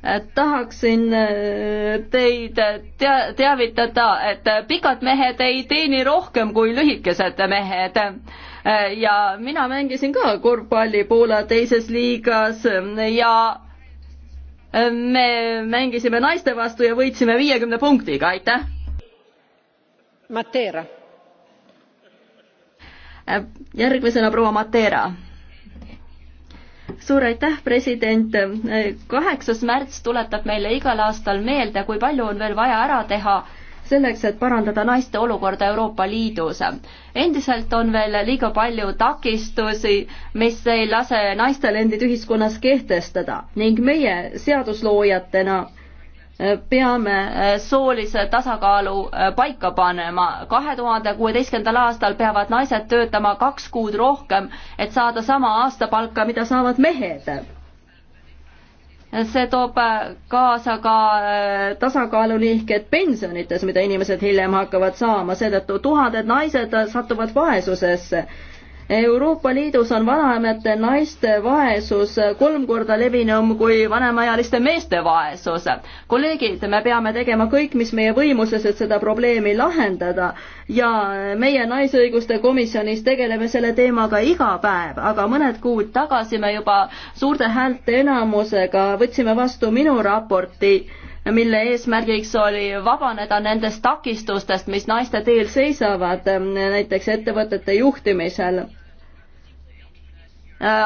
Äh, tahaksin äh, teid tea-, teavitada, et pikad mehed ei teeni rohkem kui lühikesed mehed ja mina mängisin ka korvpalli Poola teises liigas ja me mängisime naiste vastu ja võitsime viiekümne punktiga, aitäh Matera. Äh, järgmisena proua Matera suur aitäh, president. Äh, kaheksas märts tuletab meile igal aastal meelde, kui palju on veel vaja ära teha selleks, et parandada naiste olukorda Euroopa Liidus. endiselt on veel liiga palju takistusi, mis ei lase naistel endid ühiskonnas kehtestada ning meie seadusloojatena peame äh, soolise tasakaalu äh, paika panema. kahe tuhande kuueteistkümnendal aastal peavad naised töötama kaks kuud rohkem, et saada sama aastapalka, mida saavad mehed. see toob äh, kaasa ka tasakaalunihked pensionites, mida inimesed hiljem hakkavad saama, seetõttu tuhanded naised satuvad vaesusesse Euroopa Liidus on vanemate naiste vaesus kolm korda levinum kui vanemaealiste meeste vaesus. kolleegid, me peame tegema kõik, mis meie võimuses, et seda probleemi lahendada ja meie Naisõiguste Komisjonis tegeleme selle teemaga iga päev, aga mõned kuud tagasi me juba suurte häälte enamusega võtsime vastu minu raporti mille eesmärgiks oli vabaneda nendest takistustest, mis naiste teel seisavad, ähm, näiteks ettevõtete juhtimisel äh,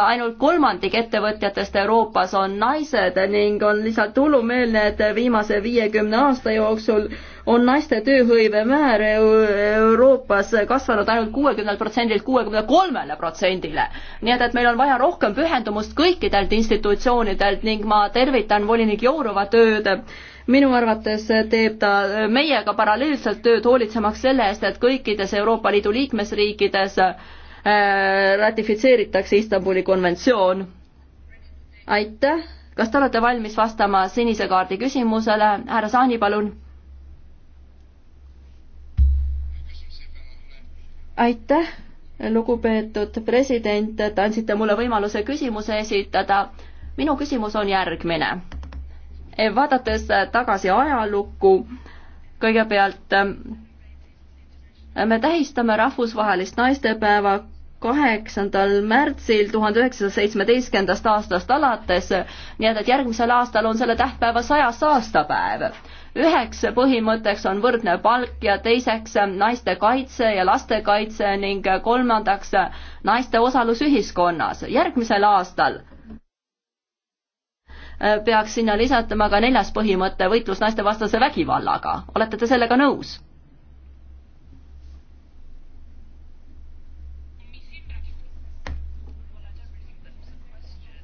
ainult kolmandik ettevõtjatest Euroopas on naised ning on lihtsalt hullumeelne, et viimase viiekümne aasta jooksul on naiste tööhõive määr Euroopas kasvanud ainult kuuekümnelt protsendilt kuuekümne kolmele protsendile. nii et, et meil on vaja rohkem pühendumust kõikidelt institutsioonidelt ning ma tervitan volinik Jourova tööd minu arvates teeb ta meiega paralleelselt tööd, hoolitsemaks selle eest, et kõikides Euroopa Liidu liikmesriikides äh, ratifitseeritakse Istanbuli konventsioon. aitäh, kas te olete valmis vastama sinise kaardi küsimusele, härra Saani, palun aitäh, lugupeetud president, et andsite mulle võimaluse küsimuse esitada. minu küsimus on järgmine. Eh, vaadates tagasi ajalukku, kõigepealt eh, me tähistame rahvusvahelist naistepäeva kaheksandal märtsil tuhande üheksasaja seitsmeteistkümnendast aastast alates, nii et, et järgmisel aastal on selle tähtpäeva sajas aastapäev üheks põhimõtteks on võrdne palk ja teiseks naiste kaitse ja laste kaitse ning kolmandaks naiste osalus ühiskonnas. järgmisel aastal peaks sinna lisatama ka neljas põhimõte, võitlus naistevastase vägivallaga. olete te sellega nõus?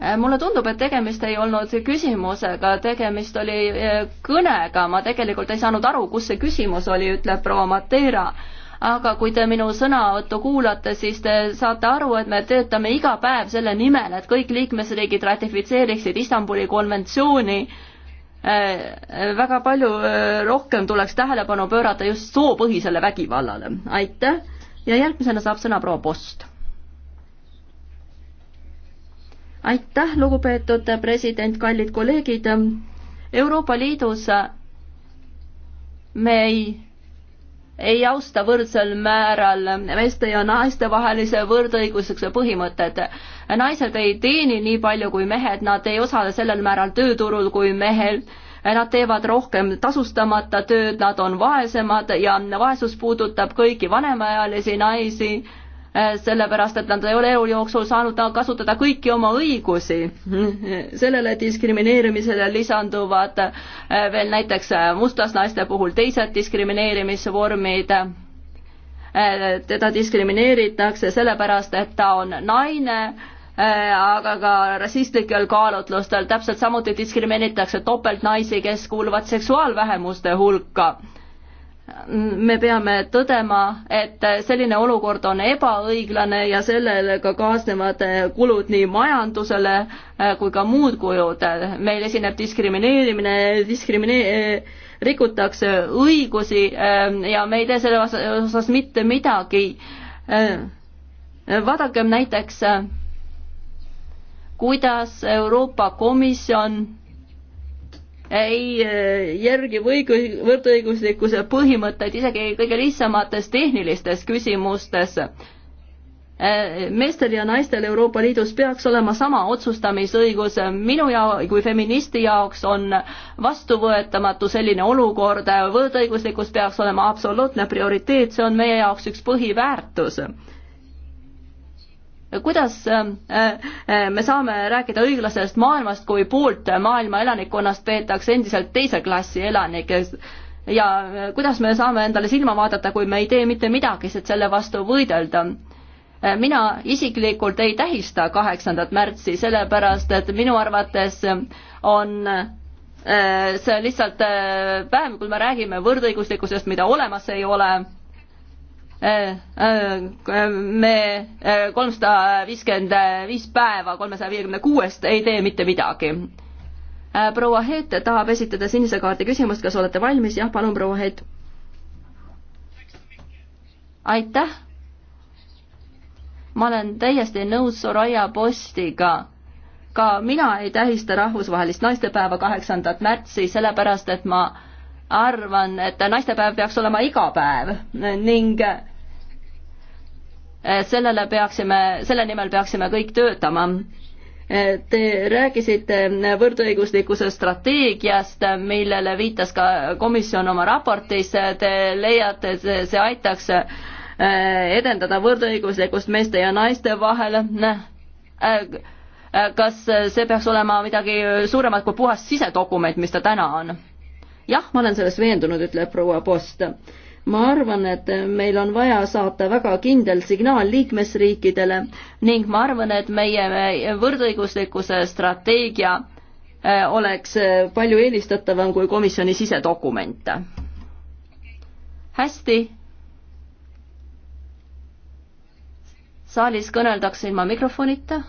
Äh, mulle tundub, et tegemist ei olnud küsimusega, tegemist oli äh, kõnega, ma tegelikult ei saanud aru, kus see küsimus oli, ütleb proua Mateera. aga kui te minu sõnavõttu kuulate, siis te saate aru, et me töötame iga päev selle nimel, et kõik liikmesriigid ratifitseeriksid Istanbuli konventsiooni äh, väga palju rohkem tuleks tähelepanu pöörata just soopõhisele vägivallale. aitäh ja järgmisena saab sõna proua Post. aitäh, lugupeetud president, kallid kolleegid. Euroopa Liidus me ei, ei austa võrdsel määral meeste ja naiste vahelise võrdõiguslikkuse põhimõtet. naised ei teeni nii palju kui mehed, nad ei osale sellel määral tööturul kui mehel nad teevad rohkem tasustamata tööd, nad on vaesemad ja vaesus puudutab kõiki vanemaealisi naisi Äh, sellepärast et nad ei ole elu jooksul saanud kasutada kõiki oma õigusi. sellele diskrimineerimisele lisanduvad äh, veel näiteks äh, mustasnaiste puhul teised diskrimineerimisvormid teda diskrimineeritakse sellepärast, et ta on naine, aga ka rassistlikel kaalutlustel, täpselt samuti diskrimineeritakse topeltnaisi, kes kuuluvad seksuaalvähemuste hulka me peame tõdema, et selline olukord on ebaõiglane ja sellele ka kaasnevad kulud nii majandusele äh, kui ka muud kulud. meil esineb diskrimineerimine, diskrimine-, äh, rikutakse õigusi äh, ja me ei tee selle osas mitte midagi. vaadakem näiteks, kuidas Euroopa Komisjon ei eh, järgi võigu-, võrdõiguslikkuse põhimõtteid isegi kõige lihtsamates tehnilistes küsimustes. Eh, meestel ja naistel Euroopa Liidus peaks olema sama otsustamisõigus, minu ja kui feministi jaoks on vastuvõetamatu selline olukord, võrdõiguslikkus peaks olema absoluutne prioriteet, see on meie jaoks üks põhiväärtus kuidas äh, äh, me saame rääkida õiglasest maailmast, kui poolt maailma elanikkonnast peetakse endiselt teise klassi elanikest ja äh, kuidas me saame endale silma vaadata, kui me ei tee mitte midagi, et selle vastu võidelda mina isiklikult ei tähista kaheksandat märtsi, sellepärast et minu arvates on see lihtsalt päev, kui me räägime võrdõiguslikkusest, mida olemas ei ole me eh, kolmsada viiskümmend viis päeva kolmesaja viiekümne kuuest ei tee mitte midagi. Eh, proua Heet tahab esitada sinise kaardi küsimust, kas olete valmis? jah, palun, proua Heet. aitäh. ma olen täiesti nõus Soraya Postiga ka mina ei tähista rahvusvahelist naistepäeva kaheksandat märtsi, sellepärast et ma arvan, et naistepäev peaks olema iga päev ning Eh, sellele peaksime, selle nimel peaksime kõik töötama. Eh, te rääkisite eh, võrdõiguslikkuse strateegiast, millele viitas ka komisjon oma raportis, te leiate, see, see aitaks edendada võrdõiguslikkust meeste ja naiste vahel, kas see peaks olema midagi suuremat kui puhas sisedokument, mis ta täna on? jah, ma olen selles veendunud, ütleb proua Post ma arvan, et meil on vaja saata väga kindel signaal liikmesriikidele ning ma arvan, et meie võrdõiguslikkuse strateegia äh, oleks äh, palju eelistatavam kui komisjoni sisedokument. hästi. saalis kõneldakse ilma mikrofonita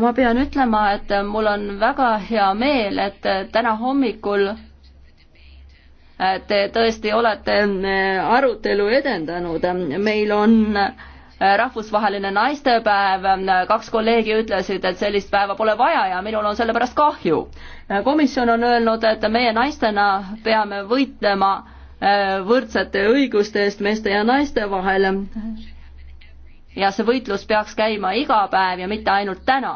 ma pean ütlema, et mul on väga hea meel, et täna hommikul äh, te tõesti olete äh, arutelu edendanud. meil on äh, rahvusvaheline naistepäev, kaks kolleegi ütlesid, et sellist päeva pole vaja ja minul on selle pärast kahju. komisjon on öelnud, et meie naistena peame võitlema võrdsete õiguste eest meeste ja naiste vahel ja see võitlus peaks käima iga päev ja mitte ainult täna.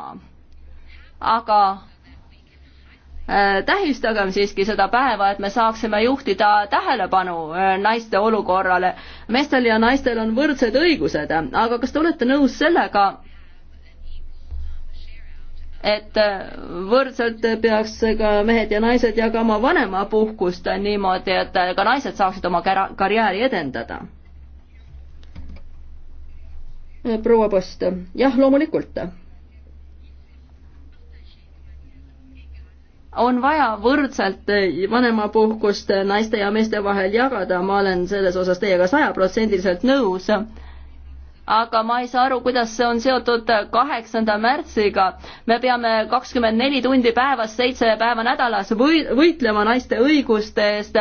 aga äh, tähistagem siiski seda päeva, et me saaksime juhtida tähelepanu äh, naiste olukorrale. meestel ja naistel on võrdsed õigused, aga kas te olete nõus sellega, et äh, võrdselt peaks ka mehed ja naised jagama vanemapuhkust niimoodi, et ka naised saaksid oma karjääri edendada? Äh, proua Post, jah, loomulikult. on vaja võrdselt äh, vanemapuhkust äh, naiste ja meeste vahel jagada, ma olen selles osas teiega sajaprotsendiliselt nõus aga ma ei saa aru, kuidas see on seotud kaheksanda märtsiga. me peame kakskümmend neli tundi päevas, seitse päeva nädalas või võitlema naiste õiguste eest,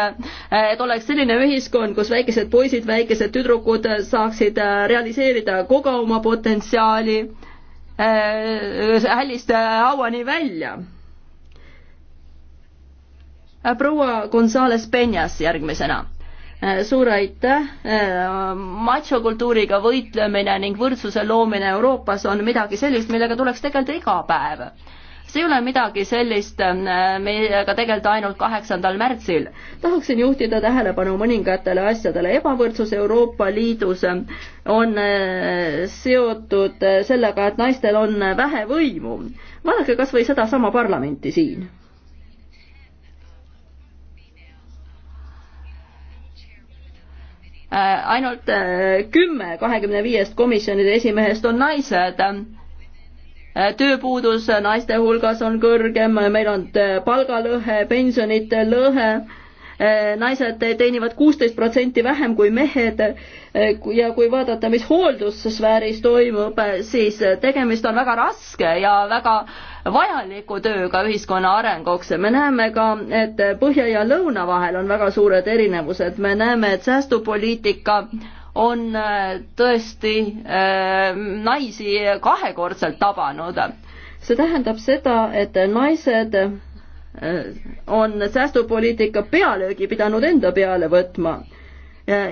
et oleks selline ühiskond, kus väikesed poisid, väikesed tüdrukud saaksid realiseerida kogu oma potentsiaali eh, hällist hauani välja. proua Gonzales Penjas järgmisena Äh, suur aitäh! Äh, machokultuuriga võitlemine ning võrdsuse loomine Euroopas on midagi sellist, millega tuleks tegeleda iga päev see ei ole midagi sellist, äh, millega tegeleda ainult kaheksandal märtsil. tahaksin juhtida tähelepanu mõningatele asjadele. ebavõrdsus Euroopa Liidus on seotud sellega, et naistel on vähe võimu. vaadake kas või sedasama parlamenti siin Äh, ainult äh, kümme kahekümne viiest komisjonide esimehest on naised. Äh, tööpuudus naiste hulgas on kõrgem, meil on palgalõhe, pensionite lõhe naised teenivad kuusteist protsenti vähem kui mehed ja kui vaadata, mis hooldussfääris toimub, siis tegemist on väga raske ja väga vajaliku tööga ühiskonna arenguks. me näeme ka, et põhja ja lõuna vahel on väga suured erinevused, me näeme, et säästupoliitika on äh, tõesti äh, naisi kahekordselt tabanud. see tähendab seda, et naised äh, on säästupoliitika pealöögi pidanud enda peale võtma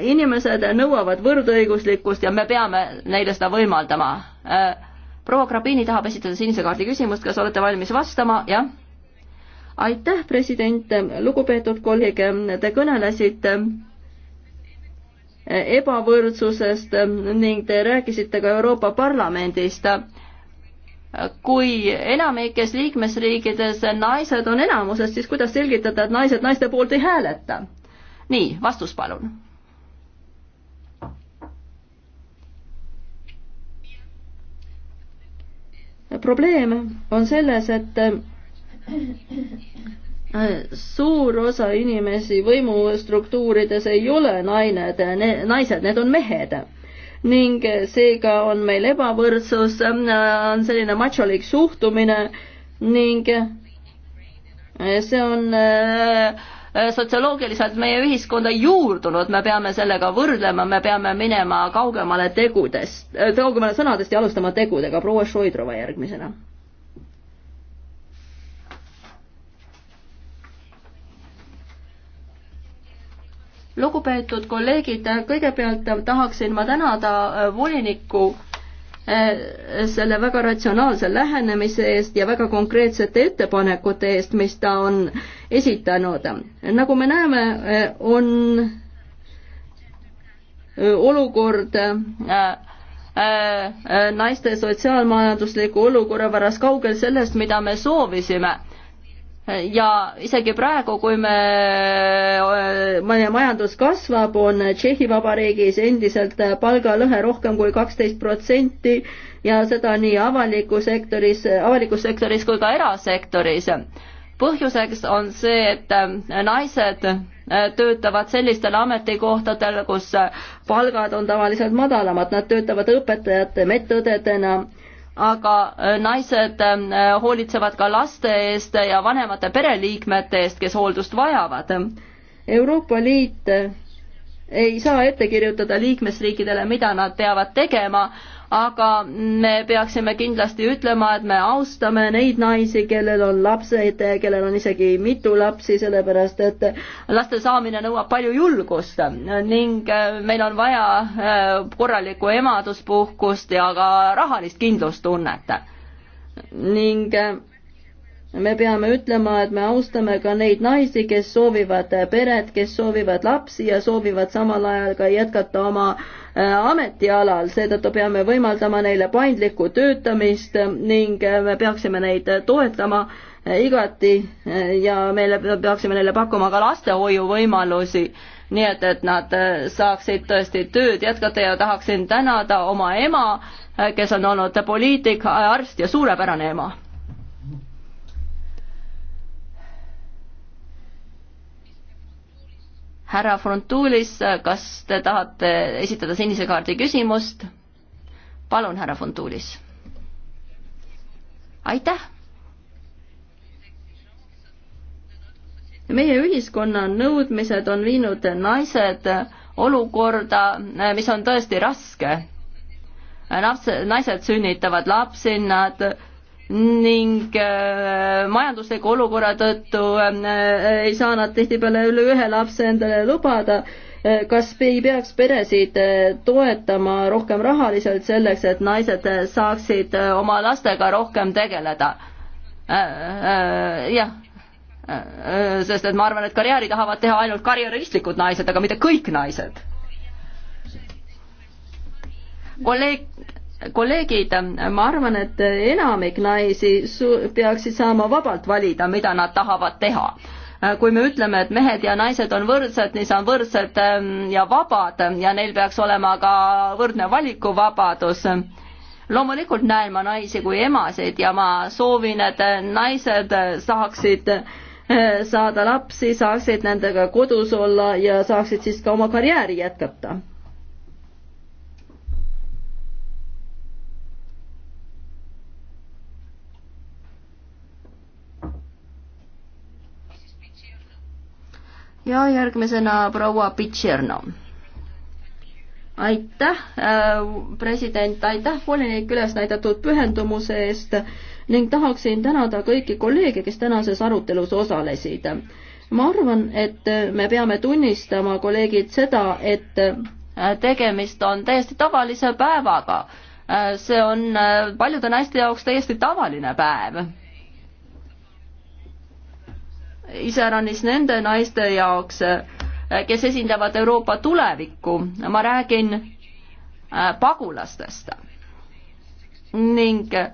inimesed nõuavad võrdõiguslikkust ja me peame neile seda võimaldama proua Grabini tahab esitada sinise kaardi küsimust, kas olete valmis vastama, jah? aitäh, president, lugupeetud kolleeg, te kõnelesite eh, ebavõrdsusest eh, ning te rääkisite ka Euroopa Parlamendist. kui enamikes liikmesriikides naised on enamuses, siis kuidas selgitada, et naised naiste poolt ei hääleta? nii, vastus palun probleem on selles, et äh, suur osa inimesi võimustruktuurides ei ole nained, naised, need on mehed ning seega on meil ebavõrdsus, äh, on selline macholik suhtumine ning äh, see on äh, Äh, sotsioloogiliselt meie ühiskonda juurdunud, me peame sellega võrdlema, me peame minema kaugemale tegudest, äh, kaugemale sõnadest ja alustama tegudega. proua Šoidrova järgmisena. lugupeetud kolleegid, kõigepealt tahaksin ma tänada volinikku Äh, selle väga ratsionaalse lähenemise eest ja väga konkreetsete ettepanekute eest, mis ta on esitanud. nagu me näeme, äh, on äh, olukord naiste sotsiaalmajandusliku olukorra pärast kaugel sellest, mida me soovisime ja isegi praegu, kui me, äh, meie majandus kasvab, on Tšehhi Vabariigis endiselt palgalõhe rohkem kui kaksteist protsenti ja seda nii avalikus sektoris, avalikus sektoris kui ka erasektoris. põhjuseks on see, et äh, naised äh, töötavad sellistel ametikohtadel, kus palgad on tavaliselt madalamad, nad töötavad õpetajate, medõdedena aga äh, naised äh, hoolitsevad ka laste eest ja vanemate pereliikmete eest, kes hooldust vajavad. Euroopa Liit äh, ei saa ette kirjutada liikmesriikidele, mida nad peavad tegema aga me peaksime kindlasti ütlema, et me austame neid naisi, kellel on lapsed, kellel on isegi mitu lapsi, sellepärast et laste saamine nõuab palju julgust ning äh, meil on vaja äh, korralikku emaduspuhkust ja ka rahalist kindlustunnet. ning äh, me peame ütlema, et me austame ka neid naisi, kes soovivad peret, kes soovivad lapsi ja soovivad samal ajal ka jätkata oma äh, Äh, ametialal, seetõttu peame võimaldama neile paindlikku töötamist ning äh, me peaksime neid toetama äh, igati ja meile peaksime neile pakkuma ka lastehoiuvõimalusi, nii et, et nad saaksid tõesti tööd jätkata ja tahaksin tänada oma ema, kes on olnud poliitik, arst ja suurepärane ema härra Frontulis, kas te tahate esitada sinise kaardi küsimust? palun, härra Frontulis. aitäh. meie ühiskonna nõudmised on viinud naised olukorda, mis on tõesti raske. naised sünnitavad lapsi, nad ning äh, majandusliku olukorra tõttu äh, äh, ei saa nad tihtipeale üle ühe lapse endale lubada kas ei peaks peresid toetama rohkem rahaliselt selleks, et naised saaksid oma lastega rohkem tegeleda? jah, sest et ma arvan, et karjääri tahavad teha ainult karjääristlikud naised, aga mitte kõik naised. kolleeg kolleegid, ma arvan, et enamik naisi peaksid saama vabalt valida, mida nad tahavad teha. kui me ütleme, et mehed ja naised on võrdsed, siis on võrdsed ähm, ja vabad ja neil peaks olema ka võrdne valikuvabadus loomulikult näen ma naisi kui emasid ja ma soovin, et naised saaksid äh, saada lapsi, saaksid nendega kodus olla ja saaksid siis ka oma karjääri jätkata ja järgmisena proua Pitšerno. aitäh, äh, president, aitäh volinik üles näidatud pühendumuse eest ning tahaksin tänada kõiki kolleege, kes tänases arutelus osalesid. ma arvan, et me peame tunnistama, kolleegid, seda, et äh, tegemist on täiesti tavalise päevaga. Äh, see on paljude naiste jaoks täiesti tavaline päev iseäranis nende naiste jaoks, kes esindavad Euroopa tulevikku, ma räägin äh, pagulastest. ning äh,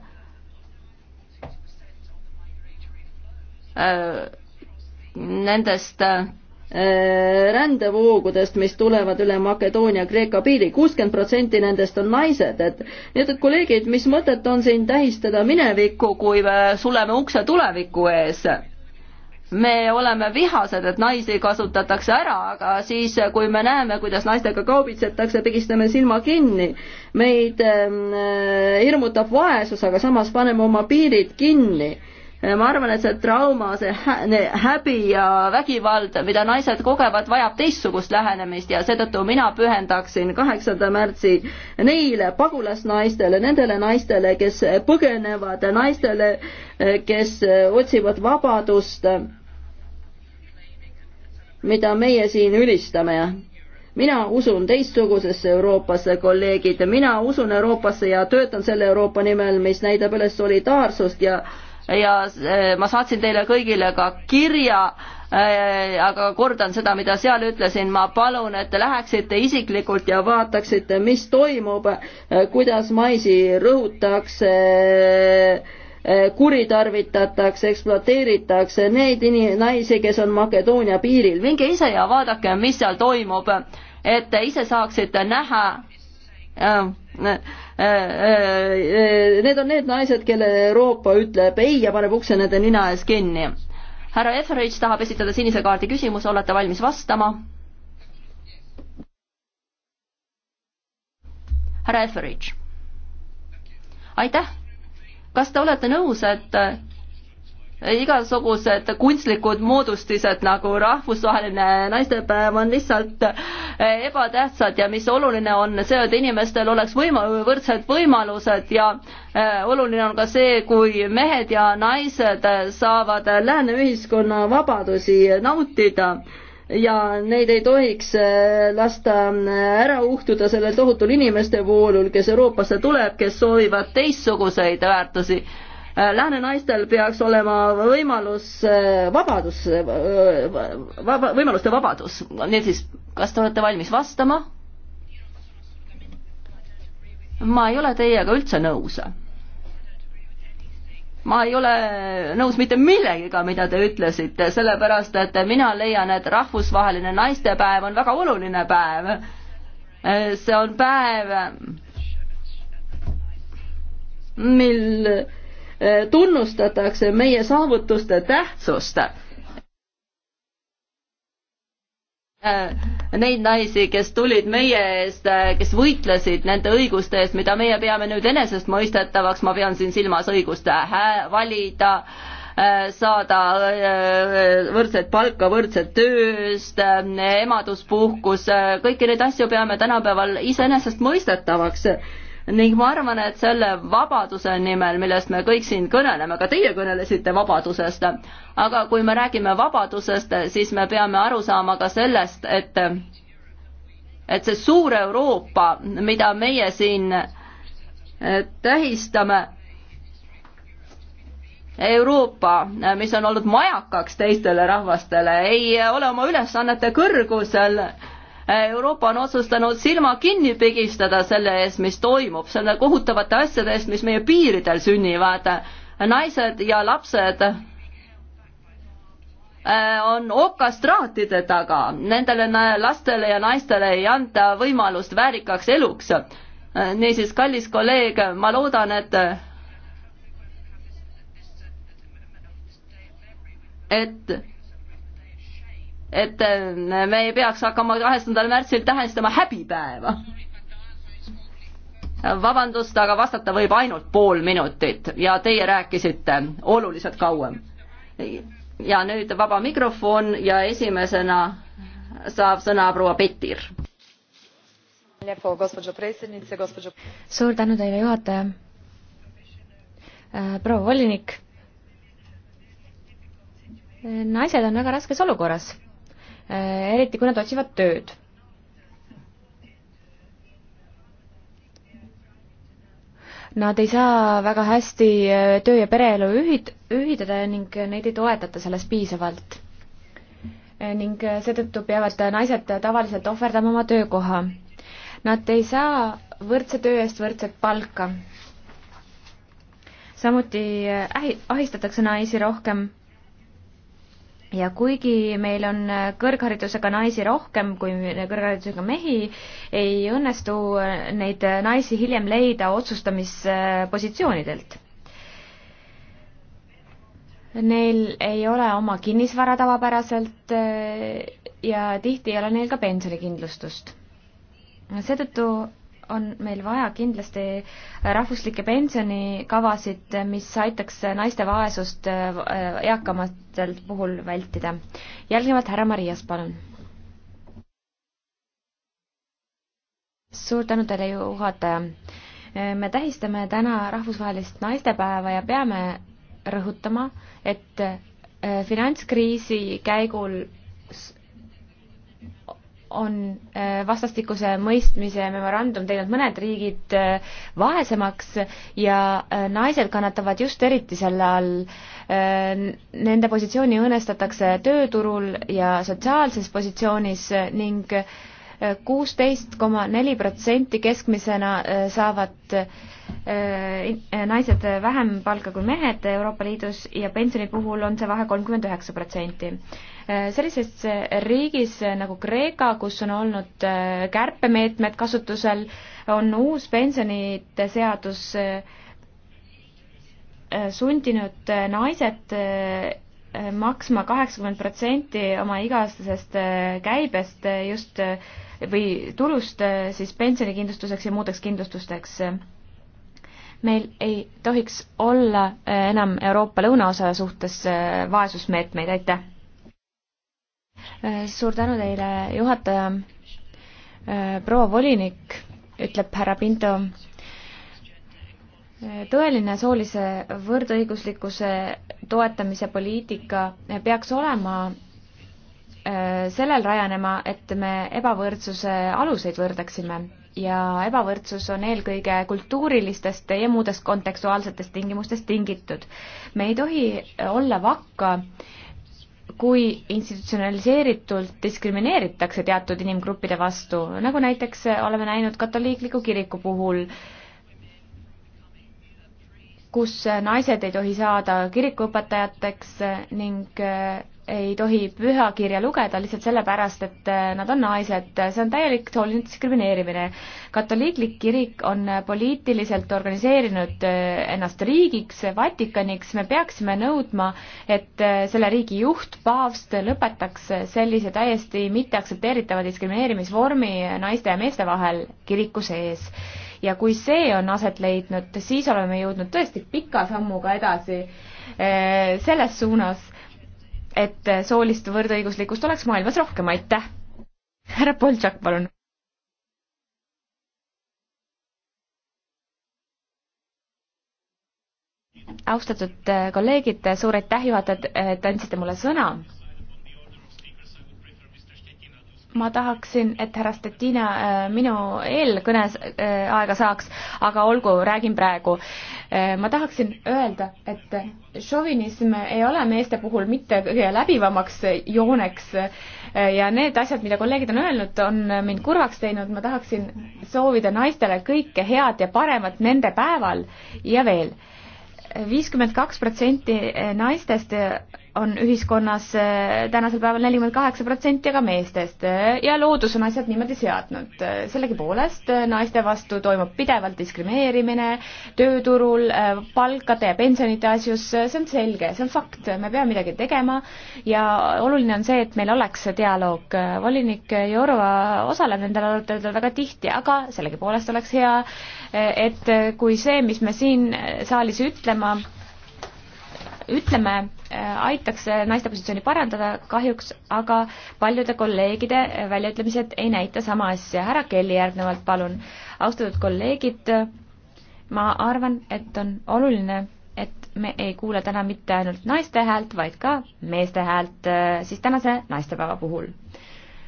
nendest äh, rändevoogudest, mis tulevad üle Makedoonia-Kreeka piiri, kuuskümmend protsenti nendest on naised, et nii et, et kolleegid, mis mõtet on siin tähistada minevikku, kui me suleme ukse tuleviku ees? me oleme vihased, et naisi kasutatakse ära, aga siis, kui me näeme, kuidas naistega kaubitsetakse, pigistame silma kinni. meid ähm, äh, hirmutab vaesus, aga samas paneme oma piirid kinni. Äh, ma arvan, et see trauma, see hä häbi ja vägivald, mida naised kogevad, vajab teistsugust lähenemist ja seetõttu mina pühendaksin kaheksanda märtsi neile pagulasnaistele, nendele naistele, kes põgenevad, naistele, äh, kes äh, otsivad vabadust mida meie siin ülistame. mina usun teistsugusesse Euroopasse, kolleegid, mina usun Euroopasse ja töötan selle Euroopa nimel, mis näitab üles solidaarsust ja ja eh, ma saatsin teile kõigile ka kirja, eh, aga kordan seda, mida seal ütlesin, ma palun, et te läheksite isiklikult ja vaataksite, mis toimub, eh, kuidas maisi rõhutakse Eh, kuritarvitatakse, ekspluateeritakse neid ini-, naisi, kes on Makedoonia piiril. minge ise ja vaadake, mis seal toimub, et te ise saaksite näha eh, eh, Need on need naised, kellele Euroopa ütleb ei ja paneb ukse nende nina ees kinni. härra Etheridge tahab esitada sinise kaardi küsimuse, olete valmis vastama? härra Etheridge. aitäh kas te olete nõus, et äh, igasugused kunstlikud moodustised nagu rahvusvaheline naistepäev on lihtsalt äh, ebatähtsad ja mis oluline on see, et inimestel oleks võima-, võrdsed võimalused ja äh, oluline on ka see, kui mehed ja naised saavad lääne ühiskonna vabadusi nautida ja neid ei tohiks äh, lasta äh, ära uhtuda sellel tohutul inimeste voolul, kes Euroopasse tuleb, kes soovivad teistsuguseid väärtusi. Äh, lääne naistel peaks olema võimalus, vabadus, vaba, võimaluste vabadus. niisiis, kas te olete valmis vastama? ma ei ole teiega üldse nõus ma ei ole nõus mitte millegagi, mida te ütlesite, sellepärast et mina leian, et rahvusvaheline naistepäev on väga oluline päev. see on päev, mil eh, tunnustatakse meie saavutuste tähtsust eh, neid naisi, kes tulid meie eest, kes võitlesid nende õiguste eest, mida meie peame nüüd enesestmõistetavaks, ma pean siin silmas õigust valida, äh, saada äh, võrdset palka võrdset tööst, äh, emaduspuhkus, kõiki neid asju peame tänapäeval iseenesestmõistetavaks ning ma arvan, et selle vabaduse nimel, millest me kõik siin kõneleme, ka teie kõnelesite vabadusest, aga kui me räägime vabadusest, siis me peame aru saama ka sellest, et et see suur Euroopa, mida meie siin eh, tähistame, Euroopa, eh, mis on olnud majakaks teistele rahvastele, ei eh, ole oma ülesannete kõrgusel Euroopa on otsustanud silma kinni pigistada selle eest, mis toimub, selle kohutavate asjade eest, mis meie piiridel sünnivad. naised ja lapsed äh, on okastraatide taga, nendele lastele ja naistele ei anta võimalust väärikaks eluks. Äh, niisiis, kallis kolleeg, ma loodan, et et et äh, me ei peaks hakkama kaheksandal märtsil tähistama häbipäeva. vabandust, aga vastata võib ainult pool minutit ja teie rääkisite oluliselt kauem. ja nüüd vaba mikrofon ja esimesena saab sõna proua Petir. suur tänu teile, juhataja. Äh, proua volinik naised on väga raskes olukorras Äh, eriti kui nad otsivad tööd. Nad ei saa väga hästi äh, töö- ja pereelu ühit-, ühitada ning neid ei toetata selles piisavalt. Äh, ning seetõttu peavad naised tavaliselt ohverdama oma töökoha. Nad ei saa võrdse töö eest võrdset palka. samuti ähi-, ahistatakse naisi rohkem ja kuigi meil on kõrgharidusega naisi rohkem kui kõrgharidusega mehi, ei õnnestu neid naisi hiljem leida otsustamispositsioonidelt. Neil ei ole oma kinnisvara tavapäraselt äh, ja tihti ei ole neil ka pensionikindlustust. seetõttu on meil vaja kindlasti rahvuslikke pensionikavasid, mis aitaks naiste vaesust äh, eakamatel puhul vältida. järgnevalt härra Marias, palun. suur tänu teile, juhataja. Äh, me tähistame täna rahvusvahelist naistepäeva ja peame rõhutama, et äh, finantskriisi käigul on äh, vastastikuse mõistmise memorandum teinud mõned riigid äh, vaesemaks ja äh, naised kannatavad just eriti selle all. Nende positsiooni õõnestatakse tööturul ja sotsiaalses positsioonis ning kuusteist koma neli protsenti keskmisena saavad naised vähem palka kui mehed Euroopa Liidus ja pensioni puhul on see vahe kolmkümmend üheksa protsenti sellises riigis nagu Kreeka, kus on olnud äh, kärpemeetmed kasutusel, on uus pensionite seadus äh, sundinud äh, naised maksma kaheksakümmend protsenti oma iga-aastasest käibest just või tulust siis pensionikindlustuseks ja muudeks kindlustusteks. meil ei tohiks olla enam Euroopa lõunaosa suhtes vaesusmeetmeid, aitäh! Äh, suur tänu teile, juhataja. Äh, proua volinik, ütleb härra Pinto äh, tõeline soolise võrdõiguslikkuse toetamise poliitika peaks olema sellel rajanema, et me ebavõrdsuse aluseid võrdaksime ja ebavõrdsus on eelkõige kultuurilistest ja muudest kontekstuaalsetest tingimustest tingitud. me ei tohi olla vakka kui institutsionaliseeritult diskrimineeritakse teatud inimgruppide vastu, nagu näiteks oleme näinud katoliikliku kiriku puhul, kus naised ei tohi saada kirikuõpetajateks ning ei tohi pühakirja lugeda lihtsalt sellepärast, et äh, nad on naised, see on täielik sooline diskrimineerimine. katoliiklik kirik on poliitiliselt organiseerinud äh, ennast riigiks, Vatikaniks, me peaksime nõudma, et äh, selle riigi juht, paavst, lõpetaks sellise täiesti mitteaktsepteeritava diskrimineerimisvormi naiste ja meeste vahel kiriku sees ja kui see on aset leidnud, siis oleme jõudnud tõesti pika sammuga edasi selles suunas et soolist võrdõiguslikkust oleks maailmas rohkem, aitäh! härra Boltšak, palun! austatud eh, kolleegid, suur aitäh juhatajad, et andsite mulle sõna ma tahaksin, et härra Stettina äh, minu eelkõnes äh, aega saaks, aga olgu, räägin praegu. Äh, ma tahaksin öelda, et šovinism ei ole meeste puhul mitte kõige läbivamaks jooneks ja need asjad, mida kolleegid on öelnud, on mind kurvaks teinud, ma tahaksin soovida naistele kõike head ja paremat nende päeval ja veel. viiskümmend kaks protsenti naistest on ühiskonnas eh, tänasel päeval nelikümmend kaheksa protsenti aga meestest eh, ja loodus on asjad niimoodi seadnud. Eh, sellegipoolest naiste vastu toimub pidevalt diskrimineerimine tööturul, palkade ja pensionite asjus, see on selge, see on fakt, me peame midagi tegema ja oluline on see, et meil oleks see dialoog. volinik Jorva osaleb nendel aruteludel väga tihti, aga sellegipoolest oleks hea, et kui see, mis me siin saalis ütlema ütleme, äh, aitaks äh, naiste positsiooni parandada, kahjuks aga paljude kolleegide äh, väljaütlemised ei näita sama asja. härra Kelly järgnevalt, palun. austatud kolleegid, ma arvan, et on oluline, et me ei kuule täna mitte ainult naiste häält, vaid ka meeste häält, siis tänase naistepäeva puhul.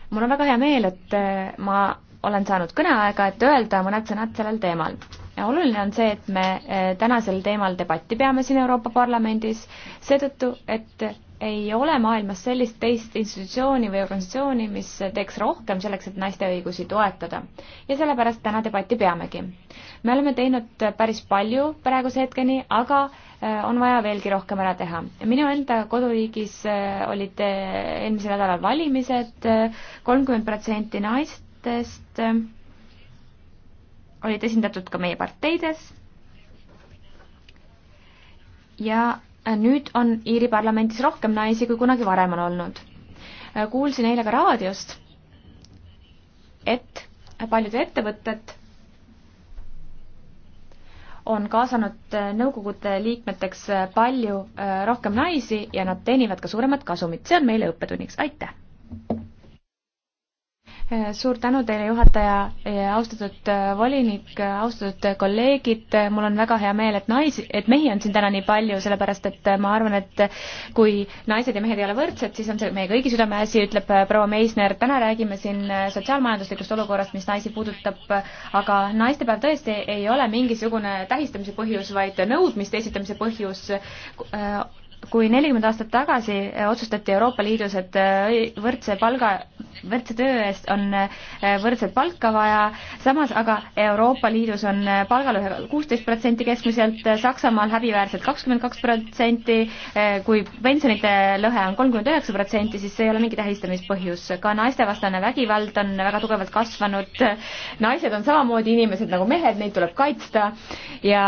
mul on väga hea meel, et ma olen saanud kõneaega, et öelda mõned sõnad sellel teemal oluline on see, et me äh, tänasel teemal debatti peame siin Euroopa Parlamendis seetõttu, et ei ole maailmas sellist teist institutsiooni või organisatsiooni, mis teeks rohkem selleks, et naiste õigusi toetada. ja sellepärast täna debatti peamegi. me oleme teinud päris palju praeguse hetkeni, aga äh, on vaja veelgi rohkem ära teha. minu enda koduriigis äh, olid eelmisel nädalal valimised, kolmkümmend protsenti naistest olid esindatud ka meie parteides ja nüüd on Iiri parlamendis rohkem naisi, kui kunagi varem on olnud. kuulsin eile ka raadiost, et paljud ettevõtted on kaasanud nõukogude liikmeteks palju äh, rohkem naisi ja nad teenivad ka suuremat kasumit, see on meile õppetunniks, aitäh! suur tänu teile, juhataja, austatud äh, volinik, äh, austatud kolleegid, mul on väga hea meel, et naisi, et mehi on siin täna nii palju, sellepärast et äh, ma arvan, et kui naised ja mehed ei ole võrdsed, siis on see meie kõigi südameasi, ütleb proua Meisner. täna räägime siin sotsiaalmajanduslikust olukorrast, mis naisi puudutab, aga naistepäev tõesti ei ole mingisugune tähistamise põhjus, vaid nõudmiste esitamise põhjus kui nelikümmend aastat tagasi eh, otsustati Euroopa Liidus, et eh, võrdse palga, võrdse töö eest on eh, võrdset palka vaja, samas aga Euroopa Liidus on palgalõhe kuusteist protsenti keskmiselt, Saksamaal häbiväärselt kakskümmend kaks protsenti, kui pensionite lõhe on kolmkümmend üheksa protsenti, siis see ei ole mingi tähistamispõhjus. ka naistevastane vägivald on väga tugevalt kasvanud, naised on samamoodi inimesed nagu mehed, neid tuleb kaitsta ja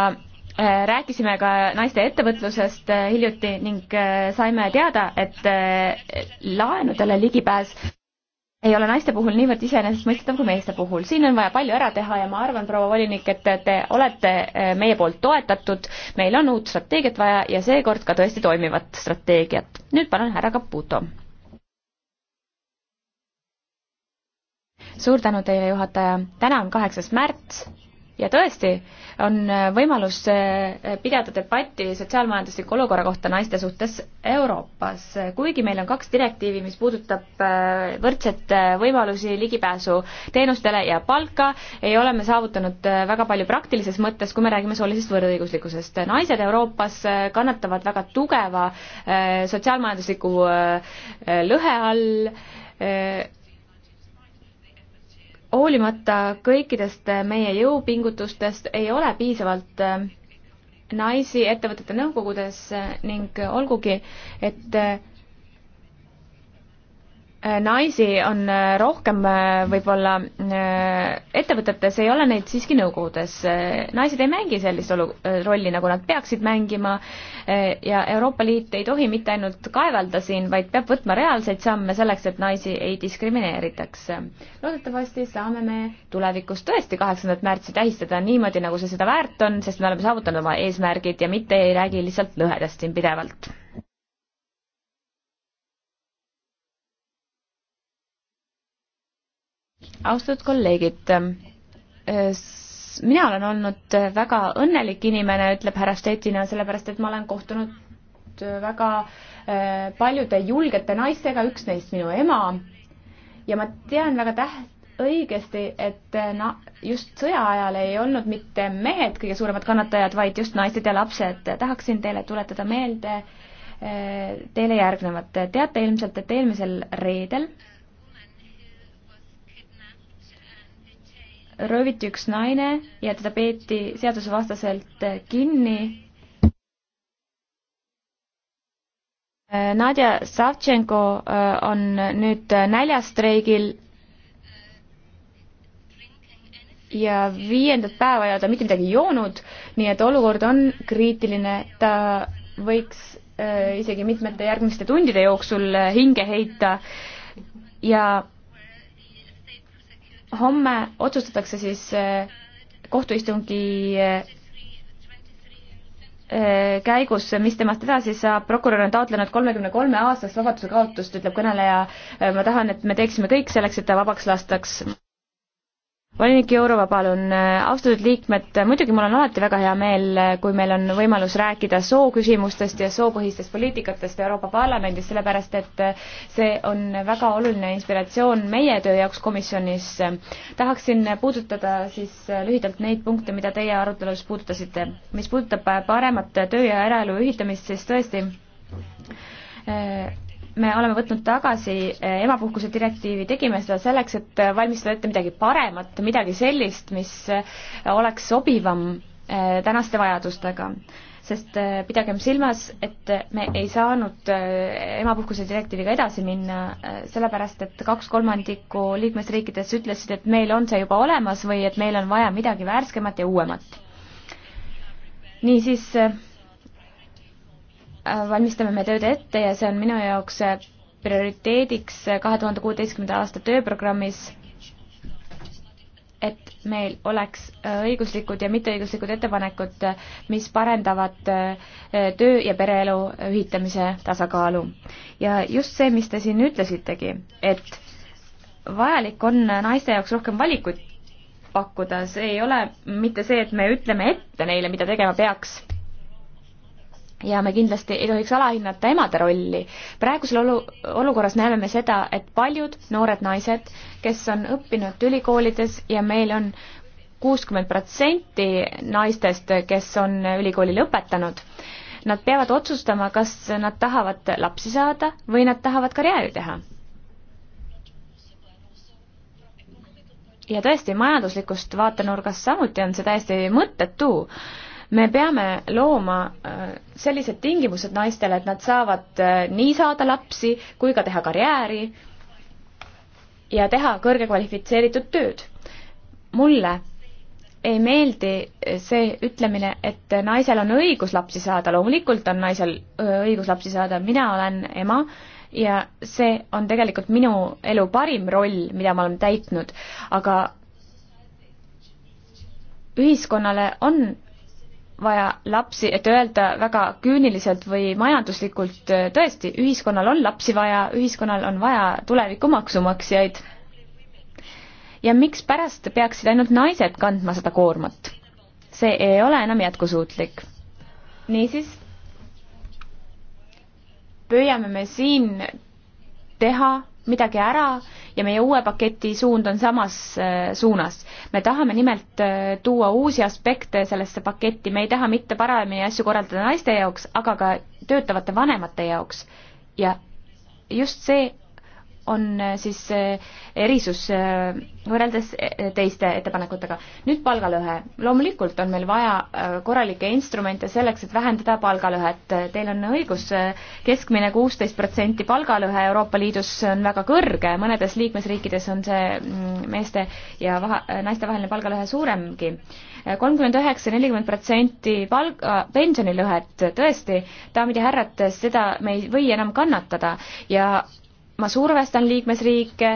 Äh, rääkisime ka naiste ettevõtlusest äh, hiljuti ning äh, saime teada, et laenudele ligipääs ei ole naiste puhul niivõrd iseenesestmõistetav kui meeste puhul. siin on vaja palju ära teha ja ma arvan, proua volinik, et te olete meie poolt toetatud, meil on uut strateegiat vaja ja seekord ka tõesti toimivat strateegiat. nüüd palun härra Caputo. suur tänu teile, juhataja. täna on kaheksas märts ja tõesti, on äh, võimalus äh, pidada debatti sotsiaalmajandusliku olukorra kohta naiste suhtes Euroopas. kuigi meil on kaks direktiivi, mis puudutab äh, võrdset võimalusi ligipääsu teenustele ja palka, ei ole me saavutanud väga palju praktilises mõttes, kui me räägime soolisest võrdõiguslikkusest. naised Euroopas kannatavad väga tugeva sotsiaalmajandusliku lõhe all hoolimata kõikidest meie jõupingutustest ei ole piisavalt äh, naisi ettevõtete nõukogudes äh, ning olgugi, et äh, Äh, naisi on äh, rohkem äh, võib-olla ettevõtetes, ei ole neid siiski nõukogudes. naised ei mängi sellist olu-, rolli, nagu nad peaksid mängima ja Euroopa Liit ei tohi mitte ainult kaevelda siin, vaid peab võtma reaalseid samme selleks, et naisi ei diskrimineeritaks. loodetavasti saame me tulevikus tõesti kaheksandat märtsi tähistada niimoodi, nagu see seda väärt on, sest me oleme saavutanud oma eesmärgid ja mitte ei räägi lihtsalt lõhedest siin pidevalt austatud kolleegid, äh, mina olen olnud väga õnnelik inimene, ütleb härra Stettina, sellepärast et ma olen kohtunud väga äh, paljude julgete naistega, üks neist minu ema. ja ma tean väga täht-, õigesti, et äh, na-, just sõja ajal ei olnud mitte mehed kõige suuremad kannatajad, vaid just naised ja lapsed. tahaksin teile tuletada meelde teile järgnevat. teate ilmselt, et eelmisel reedel rööviti üks naine ja teda peeti seadusevastaselt eh, kinni. Eh, Nadja Savtšenko eh, on nüüd näljastreigil ja viiendat päeva ei ole ta mitte midagi joonud, nii et olukord on kriitiline, ta võiks isegi mitmete järgmiste tundide jooksul hinge heita ja homme otsustatakse siis eh, kohtuistungi eh, eh, käigus, mis temast edasi saab, prokurör on taotlenud kolmekümne kolme aastast vabadusekaotust, ütleb kõneleja. ma tahan, et me teeksime kõik selleks, et ta vabaks lastaks volinik Jourova, palun, äh, austatud liikmed, äh, muidugi mul on alati väga hea meel, äh, kui meil on võimalus rääkida sooküsimustest ja soopõhistest poliitikatest Euroopa Parlamendis, sellepärast et see on väga oluline inspiratsioon meie töö jaoks komisjonis. tahaksin puudutada siis lühidalt neid punkte, mida teie arutelus puudutasite. mis puudutab paremat töö ja eraelu ühitamist, siis tõesti me oleme võtnud tagasi eh, emapuhkuse direktiivi, tegime seda selleks, et valmistada ette midagi paremat, midagi sellist, mis eh, oleks sobivam eh, tänaste vajadustega. sest pidagem silmas, et me ei saanud emapuhkuse direktiiviga edasi minna, sellepärast et kaks kolmandikku liikmesriikides ütlesid, et meil on see juba olemas või et meil on vaja midagi värskemat ja uuemat. niisiis Äh, valmistame me tööd ette ja see on minu jaoks äh, prioriteediks äh, kahe tuhande kuueteistkümnenda aasta tööprogrammis, et meil oleks õiguslikud ja mitteõiguslikud ettepanekud, mis parendavad töö- ja pereelu ühitamise tasakaalu. ja just see, mis te siin ütlesitegi, et vajalik on naiste jaoks rohkem valikuid pakkuda, see ei ole mitte see, et me ütleme ette neile, mida tegema peaks ja me kindlasti ei tohiks alahinnata emade rolli. praegusel olu-, olukorras näeme me seda, et paljud noored naised, kes on õppinud ülikoolides ja meil on kuuskümmend protsenti naistest, kes on ülikooli lõpetanud, nad peavad otsustama, kas nad tahavad lapsi saada või nad tahavad karjääri teha. ja tõesti, majanduslikust vaatenurgast samuti on see täiesti mõttetu me peame looma äh, sellised tingimused naistele, et nad saavad äh, nii saada lapsi kui ka teha karjääri ja teha kõrge kvalifitseeritud tööd. mulle ei meeldi see ütlemine, et naisel on õigus lapsi saada, loomulikult on naisel äh, õigus lapsi saada, mina olen ema ja see on tegelikult minu elu parim roll, mida ma olen täitnud, aga ühiskonnale on vaja lapsi, et öelda väga küüniliselt või majanduslikult, äh, tõesti, ühiskonnal on lapsi vaja, ühiskonnal on vaja tuleviku maksumaksjaid. ja mikspärast peaksid ainult naised kandma seda koormat? see ei ole enam jätkusuutlik. niisiis, püüame me siin teha midagi ära ja meie uue paketi suund on samas äh, suunas. me tahame nimelt äh, tuua uusi aspekte sellesse paketti, me ei taha mitte paremini asju korraldada naiste jaoks, aga ka töötavate vanemate jaoks. ja just see on äh, siis äh, erisus äh, võrreldes teiste ettepanekutega. nüüd palgalõhe. loomulikult on meil vaja korralikke instrumente selleks, et vähendada palgalõhet. Teil on õigus, keskmine kuusteist protsenti palgalõhe Euroopa Liidus on väga kõrge, mõnedes liikmesriikides on see mm, meeste ja vaha, naiste vaheline palgalõhe suuremgi. kolmkümmend üheksa, nelikümmend protsenti palga, pensionilõhet, tõesti, daamid ja härrad, seda me ei või enam kannatada ja ma survestan liikmesriike,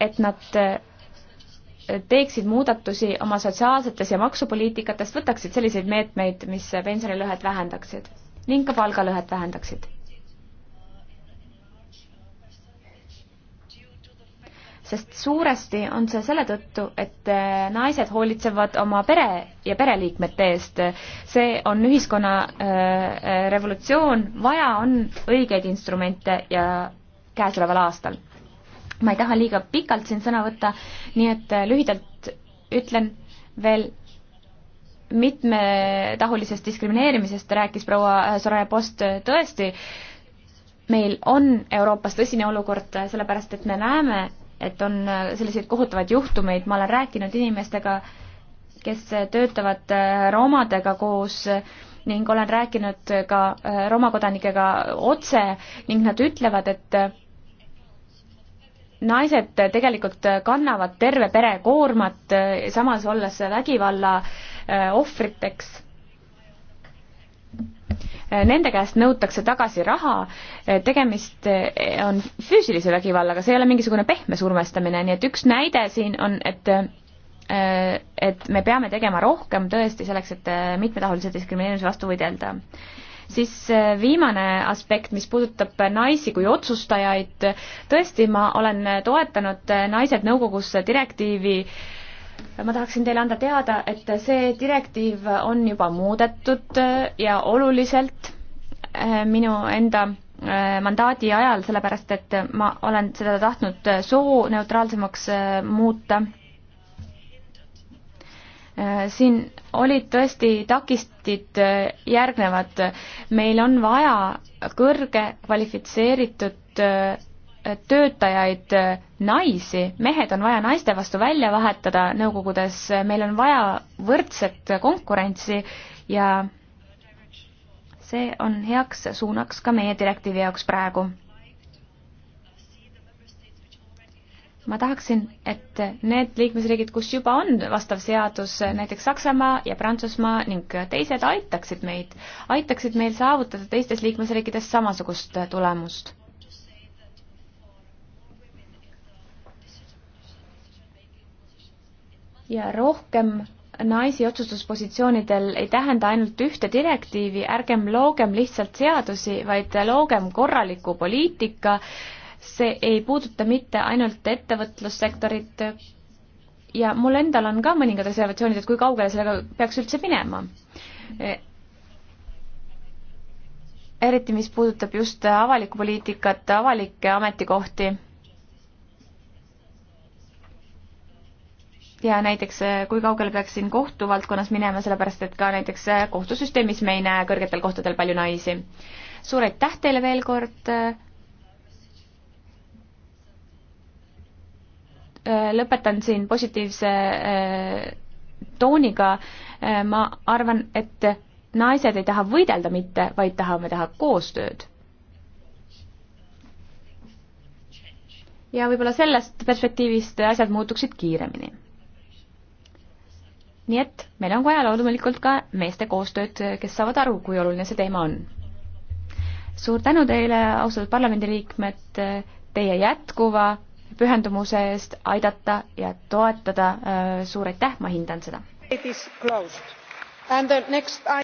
et nad eh, teeksid muudatusi oma sotsiaalsetes ja maksupoliitikates, võtaksid selliseid meetmeid, mis pensionilõhet vähendaksid ning ka palgalõhet vähendaksid. sest suuresti on see selle tõttu, et eh, naised hoolitsevad oma pere ja pereliikmete eest. see on ühiskonna eh, revolutsioon, vaja on õigeid instrumente ja käesoleval aastal. ma ei taha liiga pikalt siin sõna võtta, nii et äh, lühidalt ütlen veel mitmetahulisest diskrimineerimisest rääkis proua äh, Soraya Post äh, tõesti, meil on Euroopas tõsine olukord, sellepärast et me näeme, et on selliseid kohutavaid juhtumeid, ma olen rääkinud inimestega, kes töötavad romadega koos äh, ning olen rääkinud ka äh, Roma kodanikega otse ning nad ütlevad, et äh, naised tegelikult kannavad terve pere koormat, äh, samas olles vägivalla ohvriteks nende käest nõutakse tagasi raha, tegemist on füüsilise vägivallaga, see ei ole mingisugune pehme survestamine, nii et üks näide siin on, et Äh, et me peame tegema rohkem tõesti selleks, et äh, mitmetahulise diskrimineerimise vastu võidelda. siis äh, viimane aspekt, mis puudutab naisi kui otsustajaid, tõesti, ma olen toetanud Naised Nõukogusse direktiivi ma tahaksin teile anda teada, et see direktiiv on juba muudetud ja oluliselt minu enda mandaadi ajal, sellepärast et ma olen seda tahtnud sooneutraalsemaks muuta Äh, siin olid tõesti takistid äh, järgnevad. meil on vaja kõrge kvalifitseeritud äh, töötajaid, naisi, mehed on vaja naiste vastu välja vahetada nõukogudes, meil on vaja võrdset konkurentsi ja see on heaks suunaks ka meie direktiivi jaoks praegu ma tahaksin, et need liikmesriigid, kus juba on vastav seadus, näiteks Saksamaa ja Prantsusmaa ning teised, aitaksid meid, aitaksid meil saavutada teistes liikmesriikides samasugust tulemust. ja rohkem naisi otsustuspositsioonidel ei tähenda ainult ühte direktiivi, ärgem loogem lihtsalt seadusi, vaid loogem korraliku poliitika äh,, see ei puuduta mitte ainult ettevõtlussektorit ja mul endal on ka mõningad reservatsioonid, et kui kaugele sellega peaks üldse minema. eriti, mis puudutab just avalikku poliitikat, avalikke ametikohti. ja näiteks, kui kaugele peaks siin kohtuvaldkonnas minema, sellepärast et ka näiteks kohtusüsteemis me ei näe kõrgetel kohtadel palju naisi. suur aitäh teile veel kord Äh, lõpetan siin positiivse äh, tooniga. Äh, ma arvan, et naised ei taha võidelda mitte, vaid tahame teha koostööd. ja võib-olla sellest perspektiivist asjad muutuksid kiiremini. nii et meil on vaja loomulikult ka meeste koostööd, kes saavad aru, kui oluline see teema on. suur tänu teile, austatud parlamendiliikmed, teie jätkuva pühendumuse eest aidata ja toetada. Äh, suur aitäh, ma hindan seda.